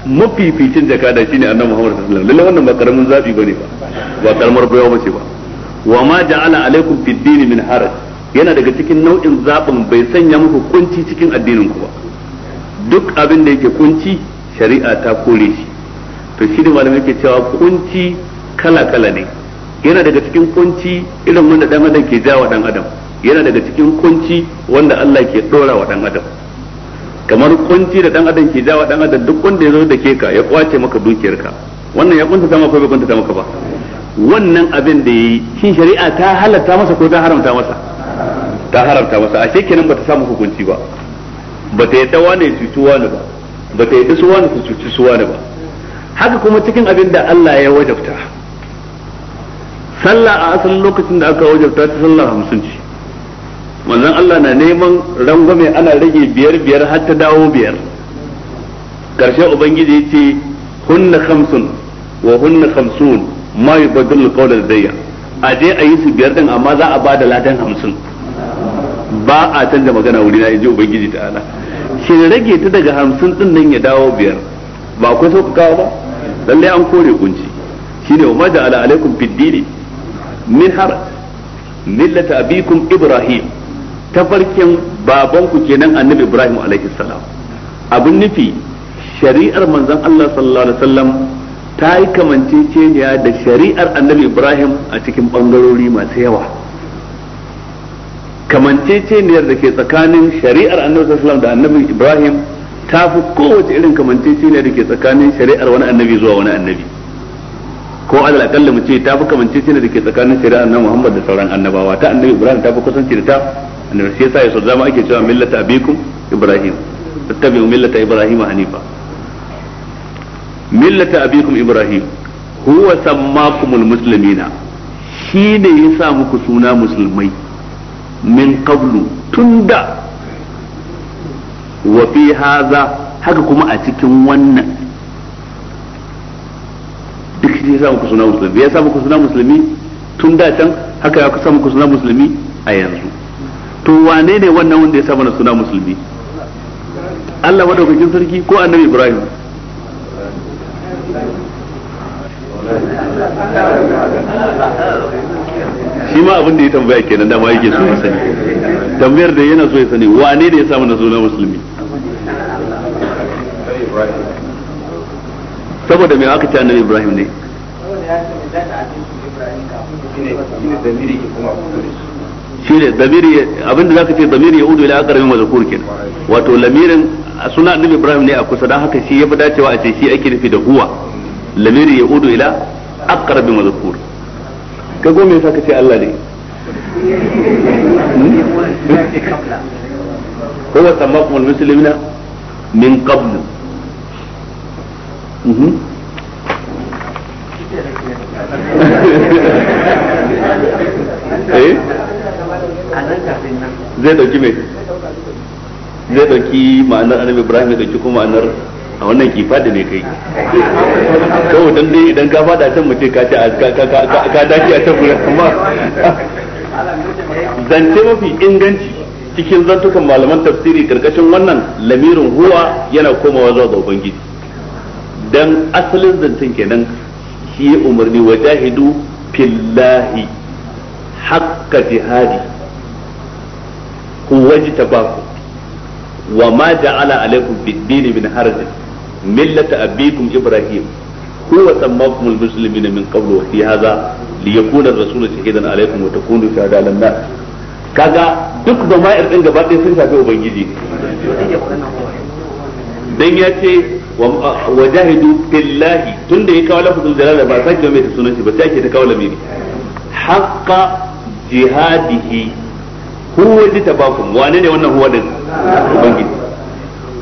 mafificin jakada shine annabi Muhammad sallallahu alaihi wasallam lalle wannan ba karamin zabi bane ba ba karamar bayawa bace ba wa ma ja'ala alaikum fid dini min haraj yana daga cikin nau'in zaɓin bai sanya muku kunci cikin addinin ku ba duk abin da yake kunci shari'a ta kore shi to shi da malamai ke cewa kunci kala-kala ne yana daga cikin kunci irin wanda dan adam ke jawa dan adam yana daga cikin kunci wanda Allah ke dora wa dan adam kamar kunci da dan adam ke jawa dan adam duk wanda ya zo da ke ka ya kwace maka dukiyarka wannan ya kunta maka ko bai kunta maka ba wannan abin da yayi shin shari'a ta halatta masa ko ta haramta masa ta haramta masa ashe kenan bata samu hukunci ba bata yadda wane ya cuci ba bata yadda su wane su cuci su wane ba haka kuma cikin abin da Allah ya wajabta sallah a asalin lokacin da aka wajabta ta sallah hamsin ce manzon Allah na neman rangwame ana rage biyar biyar har ta dawo biyar karshe ubangiji ya ce hunna khamsun wa hunna khamsun ma yubaddalu qawlan dayya a je a yi su biyar din amma za a ba da ladan hamsin ba a canza magana wuri na inji ubangiji ta ala shi rage ta daga hamsin din nan ya dawo biyar ba sauka kawo ba lallai an kore kunci shi ne umar maja ala alaikum fiddini min haraj millata abikum ibrahim tafarkin babanku kenan annabi ibrahim alaihi salam abin nufi shari'ar manzon Allah sallallahu alaihi wasallam ta yi kamanceceniya da shari'ar annabi ibrahim a cikin bangarori masu yawa kamanceceniyar da ke tsakanin shari'ar annabi sallam da annabi ibrahim ta fi kowace irin kamanceceniyar da ke tsakanin shari'ar wani annabi zuwa wani annabi ko alal akalla mu ce ta fi kamanceceniyar da ke tsakanin shari'ar annabi muhammad da sauran annabawa ta annabi ibrahim ta fi kusanci da ta annabi sai yasa ya so zama ake cewa millata abikum ibrahim tattabi'u millata ibrahim hanifa millata abikum ibrahim huwa sammakumul muslimina shi ne ya sa muku suna musulmai min qablu tunda wa fi haza haka kuma a cikin wannan duk shi ya sa muku suna musulmi ya sa muku suna musulmi tun da can haka ya sa muku suna musulmi a yanzu to wane ne wannan wanda ya sa mana suna musulmi Allah madaukakin sarki ko annabi Ibrahim shi ma abin da ya tambaya kenan dama yake so ya sani tambayar da yana so ya sani wane da ya samu na suna musulmi saboda me aka ce annabi ibrahim ne shi ne damiri da zaka ce damiri ya udu ila aqrabi mazkur kenan wato lamirin suna annabi ibrahim ne a kusa dan haka shi ya fi dacewa a ce shi ake nufi da huwa lamiri ya udu ila aqrabi mazkur ka go me saka ce Allah ne hmm? ko huwa samakum muslimina min qablu hmm? eh zai dauki mai zai dauki ma'anar annabi ibrahim ya dauki kuma ma'anar a wannan kifa da ne kai kawai dan dai idan ka fada can mace ka ce ka dace a can gurin amma zance mafi inganci cikin zantukan malaman tafsiri karkashin wannan lamirin huwa yana komawa zuwa ga ubangiji dan asalin zancen kenan shi umarni wa jahidu fillahi haqqa jihadi ku wajtabaku wa ma ja'ala alaikum bid-dini harajin millata abikum ibrahim huwa sammakum almuslimina min qablu wa fi hadha liyakuna ar-rasulu shahidan alaykum wa takunu shahada lan nas kaga duk dama'ir din gaba ɗaya sun shafi ubangiji dan ya ce wa jahidu billahi tunda ya kawo lafazul jalala ba sake mai sunan shi ba sai ake ta kawo mini haqqa jihadihi huwa jitabakum wane ne wannan huwa din ubangiji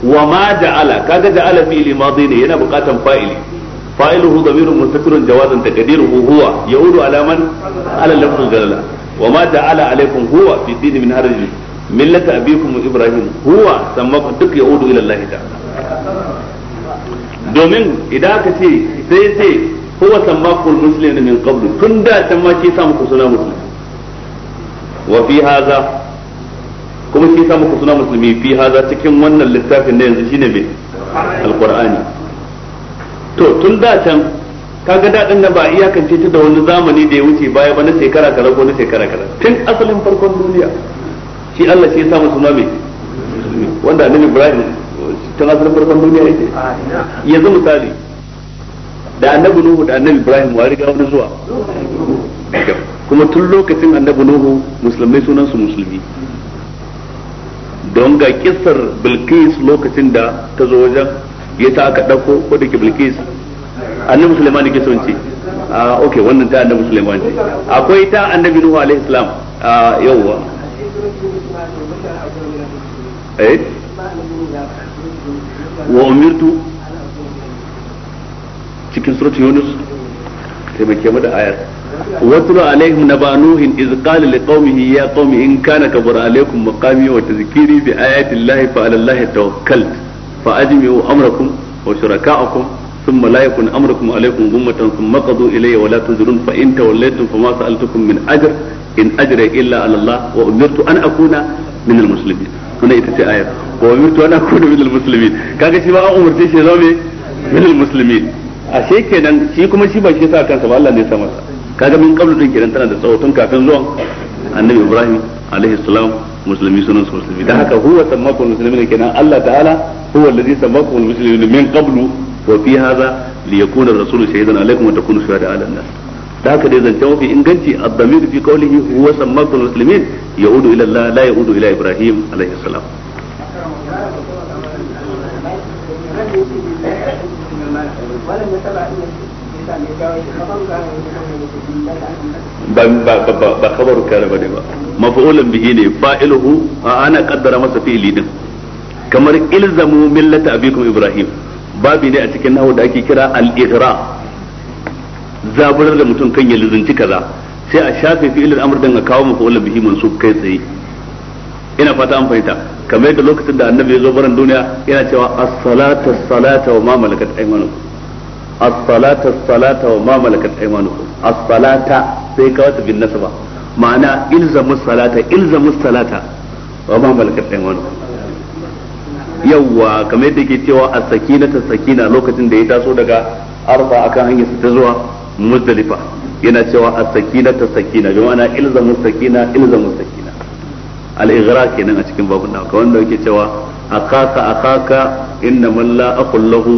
wa ma ja'ala kaga ja'ala fi'li madi ne yana buƙatan fa'ili fa'iluhu dhamirun mustatirun jawazan taqdiruhu huwa ya'udu ala man ala lafzul jalala wa ma ja'ala alaykum huwa fi din min haraj millata abikum ibrahim huwa sammakum duk ya'udu ila allah ta'ala domin idan aka ce sai sai huwa sammakum muslimin min qablu tun da can ma ke sa muku suna muslim wa fi hadha kuma shi yasa muku suna musulmi fi haza cikin wannan littafin da yanzu shine mai alqur'ani to tun da can kaga daɗin na ba iyakance ta da wani zamani da ya wuce baya ba na shekara kaza ko na shekara kaza tun asalin farkon duniya shi Allah shi sa musulma mai wanda annabi Ibrahim tun asalin farkon duniya yake yanzu misali da annabi Nuhu da annabi Ibrahim wa riga wani zuwa kuma tun lokacin annabi Nuhu musulmai sunan su musulmi don ga kisar bilkis lokacin da ta zo wajen ya ta aka ɗauko ko da ke bilkis annabi sulaiman ke son ce a ah, ok wannan ta annabi sulaiman ce akwai ta annabi nuhu alaihi salam a ah, yawwa eh wa umirtu cikin surat yunus taimake mu da ayar watulu alaihim na banuhin iz qala liqaumihi ya qaumi in kana kabura alaikum maqami wa bi ayati llahi fa ala llahi tawakkalt fa ajmiu amrakum wa ashe kenan shi kuma shi ba shi sa kansa ba Allah ne ya sa masa kaga min qablu din kenan tana da tsawon kafin zuwan annabi Ibrahim alaihi salam musulmi sunan su musulmi dan haka huwa sammakum muslimin kenan Allah ta'ala huwa alladhi sammakum muslimin min qablu wa fi hadha liyakuna ar-rasulu shahidan alaykum wa takunu shuhada 'ala an-nas da haka dai zance mafi inganci ad-damir fi qawlihi huwa sammakum muslimin ya'udu ila Allah la ya'udu ila Ibrahim alaihi salam ba kabaru kare ba ne ba mafi'ulun bihi ne fa'iluhu ana kaddara masa fi'ili din kamar ilzamu millata abikum ibrahim babi ne a cikin nahu da ake kira al-ihra zaburar da mutum kan ya lizinci kaza sai a shafe fi'ilin amr din a kawo mafi'ulun bihi su kai tsaye ina fata an fahimta kamar yadda lokacin da annabi ya zo baran duniya yana cewa as-salatu as-salatu wa ma malakat aymanukum as-salata as-salata wa ma malakat aymanukum as-salata sai ka wata bin nasaba ma'ana ilzamu salata ilzamu salata wa ma malakat aymanukum yawwa kamar yadda yake cewa as-sakinata sakina lokacin da ya taso daga arfa akan hanyar ta zuwa muzdalifa yana cewa as-sakinata sakina bi ma'ana ilzamu sakina ilzamu sakina al-ighra kenan a cikin babun nan ka wanda yake cewa akaka akaka inna man la aqul lahu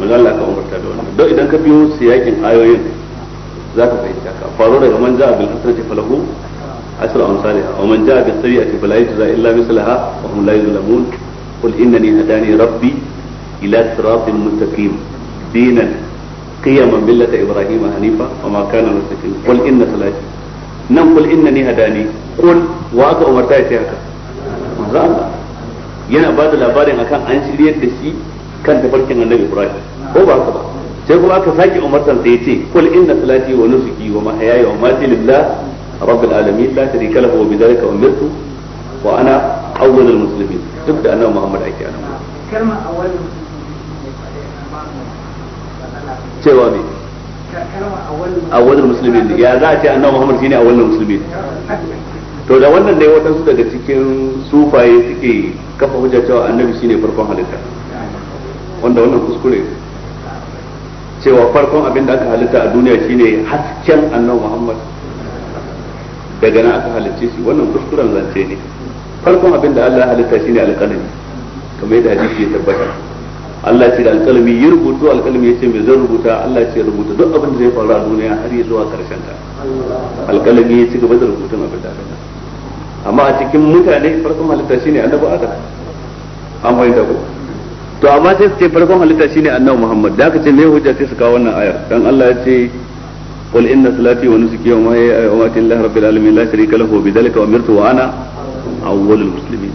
manzo Allah ka umarta da wannan don idan ka biyo siyakin ayoyin za ka fahimta ka faru daga man ja'a bil hasanati falahu asra amsalha wa man ja'a bis sayyi'ati fala yajza illa mislaha wa hum la yuzlamun qul innani hadani rabbi ila siratin mustaqim dinan قيما ملة إبراهيم حنيفا وما كان مستقيما قل إن صلاتي نم قل إنني هداني قل وأك أمرتا يتيهك manzo Allah yana ba da labarin akan an shiryar da shi kan tafarkin annabi Ibrahim ko ba haka ba sai kuma aka sake umartar da yace kul inna salati wa nusuki wa mahayaya wa mamati lillah rabbil alamin la tarika lahu wa bidhalika umirtu wa ana awwalul muslimin duk da annabi Muhammad ake annabi kalma awwalul cewa me awwalul muslimin ya za a ce annabi Muhammad shine awwalul muslimin to da wannan ne waɗansu daga cikin sufaye suke kafa hujja cewa annabi shine farkon halitta wanda wannan kuskure ne cewa farkon abin da aka halitta a duniya shine hasken annabi Muhammad daga nan aka halicce shi wannan kuskuren zance ne farkon abin da Allah halitta shine alƙalami kamar yadda hadisi ya tabbata Allah ce da alƙalami ya rubutu alƙalami ya ce me zan rubuta Allah ce rubuta duk abin da zai faru a duniya har zuwa karshen ta alƙalami ya ci gaba da rubutun abin da aka amma a cikin mutane farkon halitta shine annabi Adam an bayyana ko to amma sai su ce farkon halitta shine annabi Muhammad da aka ce me hujja sai su kawo wannan ayar dan Allah ya ce qul inna salati wa nusuki wa mahyaya wa mamati lillahi rabbil alamin la sharika lahu bi dhalika amirtu wa ana awwalul muslimin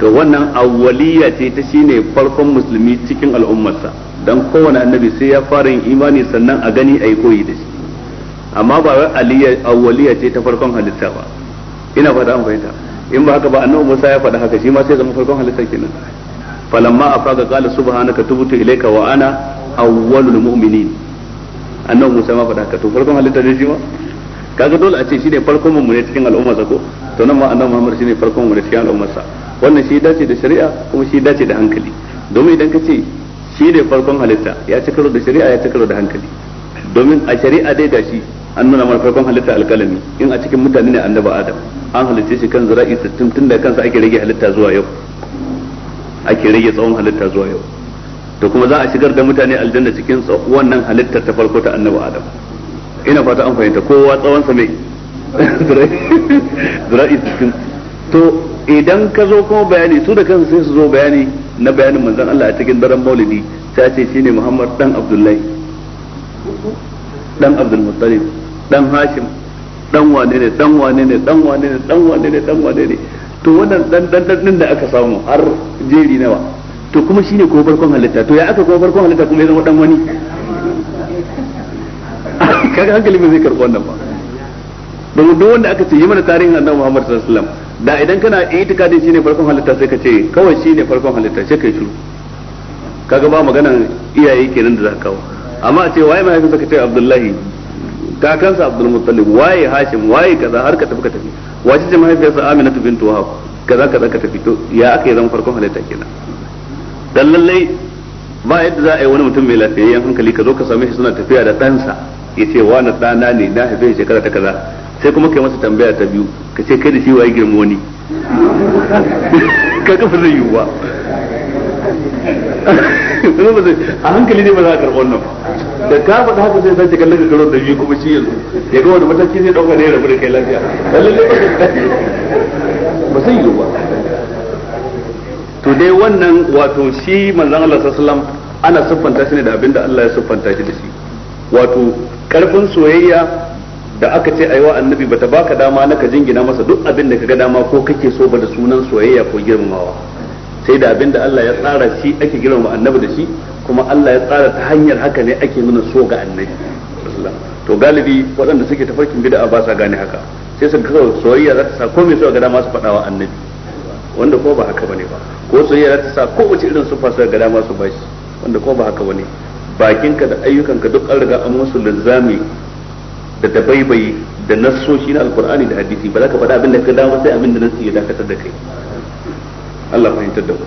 to wannan awwaliya ce ta shine farkon musulmi cikin al'ummarsa dan kowane annabi sai ya fara yin imani sannan a gani ayi koyi da shi amma ba wai aliyya awwaliya ce ta farkon halitta ba ina fata an fahimta in ba haka ba annabi Musa ya faɗa haka shi ma sai zama farkon halitta kenan falamma afaga قال سبحانك تبت ilayka wa ana المؤمنين mu'minin موسى Musa ma faɗa ka to farkon halitta ne shi ma kaga dole a ce shine farkon mummune cikin al'umma sako ko to nan ma annabi Muhammad shine farkon mummune cikin al'umma sa wannan shi dace da shari'a kuma shi dace da hankali domin idan ka ce shi ne farkon halitta ya ci karo da shari'a ya ci karo da hankali domin a shari'a dai shi an nuna mana farkon halitta alkalami in a cikin mutane ne annabi adam an halitta shi kan zira'i 60 tun da kansa ake rage halitta zuwa yau ake rage tsawon halitta zuwa yau to kuma za a shigar da mutane aljanna cikin wannan halittar ta farko ta annabi adam ina fata an fahimta kowa tsawon sa mai zura'i cikin to idan ka zo kuma bayani su da kansu sai su zo bayani na bayanin manzon Allah a cikin daren maulidi ta ce shine Muhammad dan Abdullahi dan Abdul Muttalib dan Hashim dan wane ne dan wane ne dan wane ne dan wane ne dan wane ne to wannan dan dan din da aka samu har jeri nawa to kuma shine ko farkon halitta to ya aka ko farkon halitta kuma ya zama dan wani kaga hankali mai zai karbo wannan ba domin duk wanda aka ce yi mana tarihin annabi Muhammad sallallahu alaihi wasallam da idan kana itikadin shine farkon halitta sai ka ce kawai shine farkon halitta sai kai shiru kaga ba magana iyaye kenan da za kawo amma a ce waye mahaifinsa ka ce Abdullahi kakansa Abdul Muttalib waye Hashim waye kaza har ka tafi ka tafi wace ce mahaifiyarsa aminatu bin wahab kaza kaza ka tafi to ya aka yi zama farkon halitta kenan dan lallai ba yadda za a yi wani mutum mai lafiyayyen hankali ka zo ka same shi suna tafiya da ɗansa ya ce wa na ɗana ne na haife shi shekara ta kaza sai kuma kai masa tambaya ta biyu ka ce kai da shi wa girma wani ka kafa zai yiwuwa a hankali ne ba za a karɓi wannan da ka faɗa haka sai sace kallon karo da biyu kuma shi yanzu ya ga wani mataki zai ɗauka ne rabu da kai lafiya lallai ba sai yi ba to dai wannan wato shi manzon Allah sallallahu alaihi wasallam ana siffanta shi ne da abinda Allah ya siffanta shi da shi wato karfin soyayya da aka ce aiwa annabi bata baka dama na ka jingina masa duk abin da kaga dama ko kake so ba da sunan soyayya ko girmamawa sai da abin da Allah ya tsara shi ake girmama annabi da shi kuma Allah ya tsara ta hanyar haka ne ake nuna so ga annabi to galibi waɗanda suke tafarkin bid'a ba sa gane haka sai su kawo soyayya za ta sa komai so ga dama su faɗawa annabi wanda ko ba haka bane ba ko soyayya za ta sa ko wace irin su fasa ga dama su bashi wanda ko ba haka bane bakinka da ayyukanka duk an riga an musu lizzami da dabaibayi da nassoshi na alkur'ani da hadisi ba za ka faɗa abin da ka dama sai abin da nassi ya dakatar da kai Allah fahimtar da ku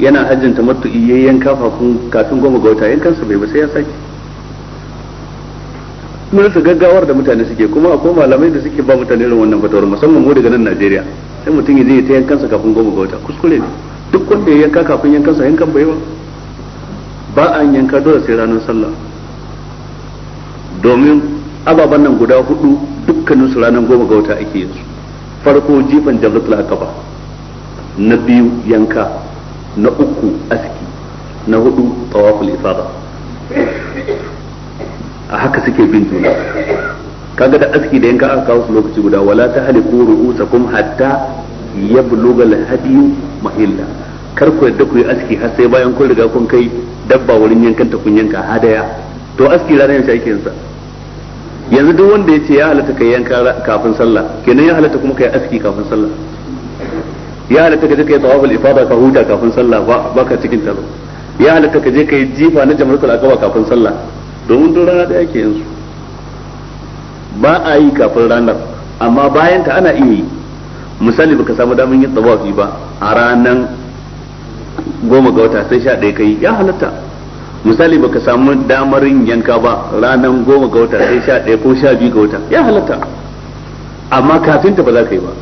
yana hajjin tamattu iyayyen kafafun kafin goma ga wata yankan sa bai ba sai ya sake mun rasa gaggawar da mutane suke kuma akwai malamai da suke ba mutane irin wannan fatawar musamman mu daga nan Najeriya sai mutum ya je ta yankan sa kafin goma ga wata kuskure ne duk wanda ya yanka kafin yankan sa yankan bai ba ba an yanka dole sai ranar sallah domin ababen nan guda hudu dukkanin su ranar goma ga wata ake yin su farko jifan jabratul akaba na biyu yanka na uku aski na hudu tawaful ifada a haka suke bin juna kaga da aski da yanka aka kawo su lokaci guda wala ta haliku ru'usakum hatta yablugha alhadi mahilla kar ku yadda ku yi aski har sai bayan kun riga kun kai dabba wurin yankan ta kun yanka hadaya to aski ranar yanzu yake yansa yanzu duk wanda ya ce ya halatta kai yanka kafin sallah kenan ya halatta kuma kai aski kafin sallah ya halatta ka je kai tawaful ifada ka huta kafin sallah ba baka cikin tazo ya halatta ka je kai jifa na jamratul akaba kafin sallah domin duk rana da yake yanzu ba a yi kafin ranar amma bayan ta ana iya yi misali baka samu damar yin tawafi ba a ranan goma ga wata sai sha ɗaya kai ya halatta misali baka samu damar yin yanka ba ranan goma ga wata sai sha ɗaya ko sha biyu ga wata ya halatta amma kafin ta ba za ka yi ba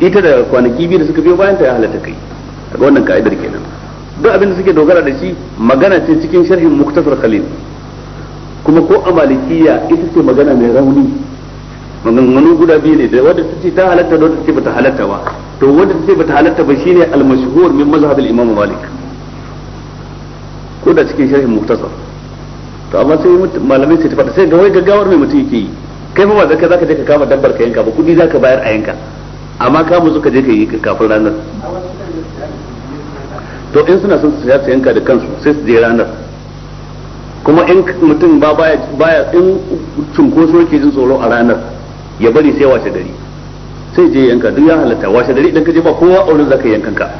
ita da kwanaki biyu da suka biyo bayan ta ya halatta kai daga wannan ka'idar kenan duk abin da suke dogara da shi magana ce cikin sharhin muktasar khalil kuma ko a malikiya ita ce magana mai rauni maganganu guda biyu ne da wadda ce ta halatta da wadda ce bata halatta ba to wadda ce bata halatta ba shine al-mashhur min mazhabil imam malik ko da cikin sharhin muktasar to amma sai malamai sai ta fada sai ga wai gaggawar mai mutum yake yi kai fa ba zaka zaka je ka kama dabbar ka yanka ba kudi zaka bayar a yanka amma kamun suka je ka yi kafin ranar to in suna son su yanka da kansu sai su je ranar kuma in mutum ba baya in cunkoso yake jin tsoro a ranar ya bari sai washe gari sai je yanka duk ya halatta washe gari idan ka je ba kowa auren zaka yankan ka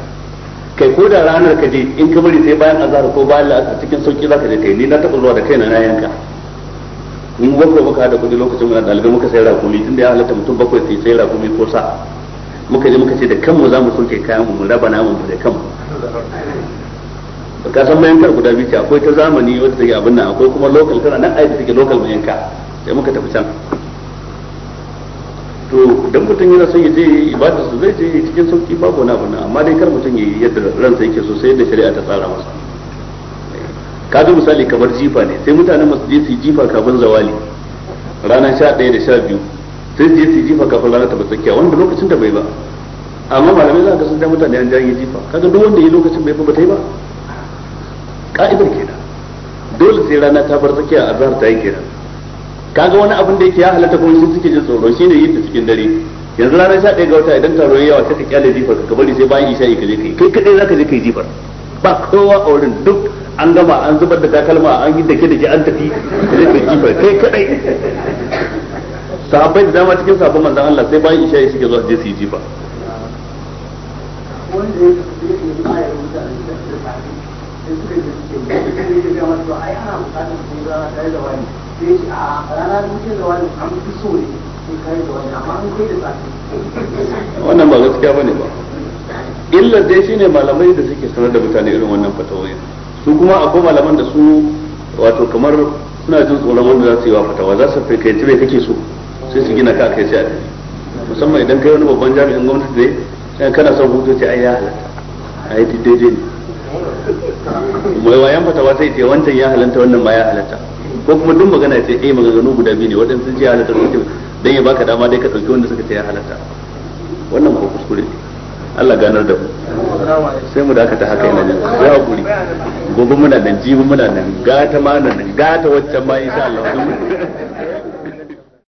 kai ko da ranar ka je in ka bari sai bayan azara ko bayan la'asar cikin sauki zaka je kai ni na taɓa zuwa da kaina na yanka in bakwai muka da kudi lokacin muna dalibai muka sai rakumi da ya halatta mutum bakwai sai sai rakumi ko sa muka je muka ce da kanmu za mu soke kayan mu raba namun mu da kanmu ka san mayankar guda biyu akwai ta zamani wadda take abin nan akwai kuma local kana nan aiki take local mayanka sai muka tafi can to dan mutum yana son ya je ibada su zai je cikin sauki babu wani abin nan amma dai kar mutum ya yi yadda ransa yake so sai da shari'a ta tsara masa Ka ji misali kamar jifa ne sai mutanen masu je su jifa kafin zawali ranar sha ɗaya da sha biyu sai su je su jifa kafin rana ta ba tsakiya wanda lokacin da bai ba amma malamai za ka sun ja mutane an janye jifa kaga duk wanda ya lokacin bai ba ba ta yi ba ka'idar kenan dole sai rana ta bar tsakiya a zahar ta yi kenan kaga wani abin da yake ya halatta kuma sun suke jin tsoro shine yin ta cikin dare yanzu ranar sha ɗaya ga wata idan taro yawa sai ka kyale jifar ka bari sai bayan isha'i ka je kai kai kadai ka je kai jifar ba kowa a wurin duk an gama an zubar da takalma an yi dake dake an tafi ka je kai kadai sahabbai da dama cikin sahabban manzon Allah sai bayan isha suke zuwa je su yi jifa wannan ba gaskiya bane ba illar dai shine malamai da suke sanar da mutane irin wannan fatawai su kuma akwai malaman da su wato kamar suna jin tsoron wanda za su yi wa fatawa za su kai tibe kake so sai su gina ka kai sai a tafi musamman idan kai wani babban jami'in gwamnati ne sai kana son hutu ce ai ya halatta ai daidai ne mai wayan fatawa sai ce wancan ya halatta wannan ma ya halatta ko kuma duk magana ce eh maganganu guda biyu ne wadanda sun ce ya halatta wancan ce dan ya baka dama dai ka ɗauki wanda suka ce ya halatta wannan ba kuskure ne Allah ganar da mu sai mu dakata haka ina jin ya hakuri gobe muna nan jibin muna nan gata ma nan gata wacce ma insha Allah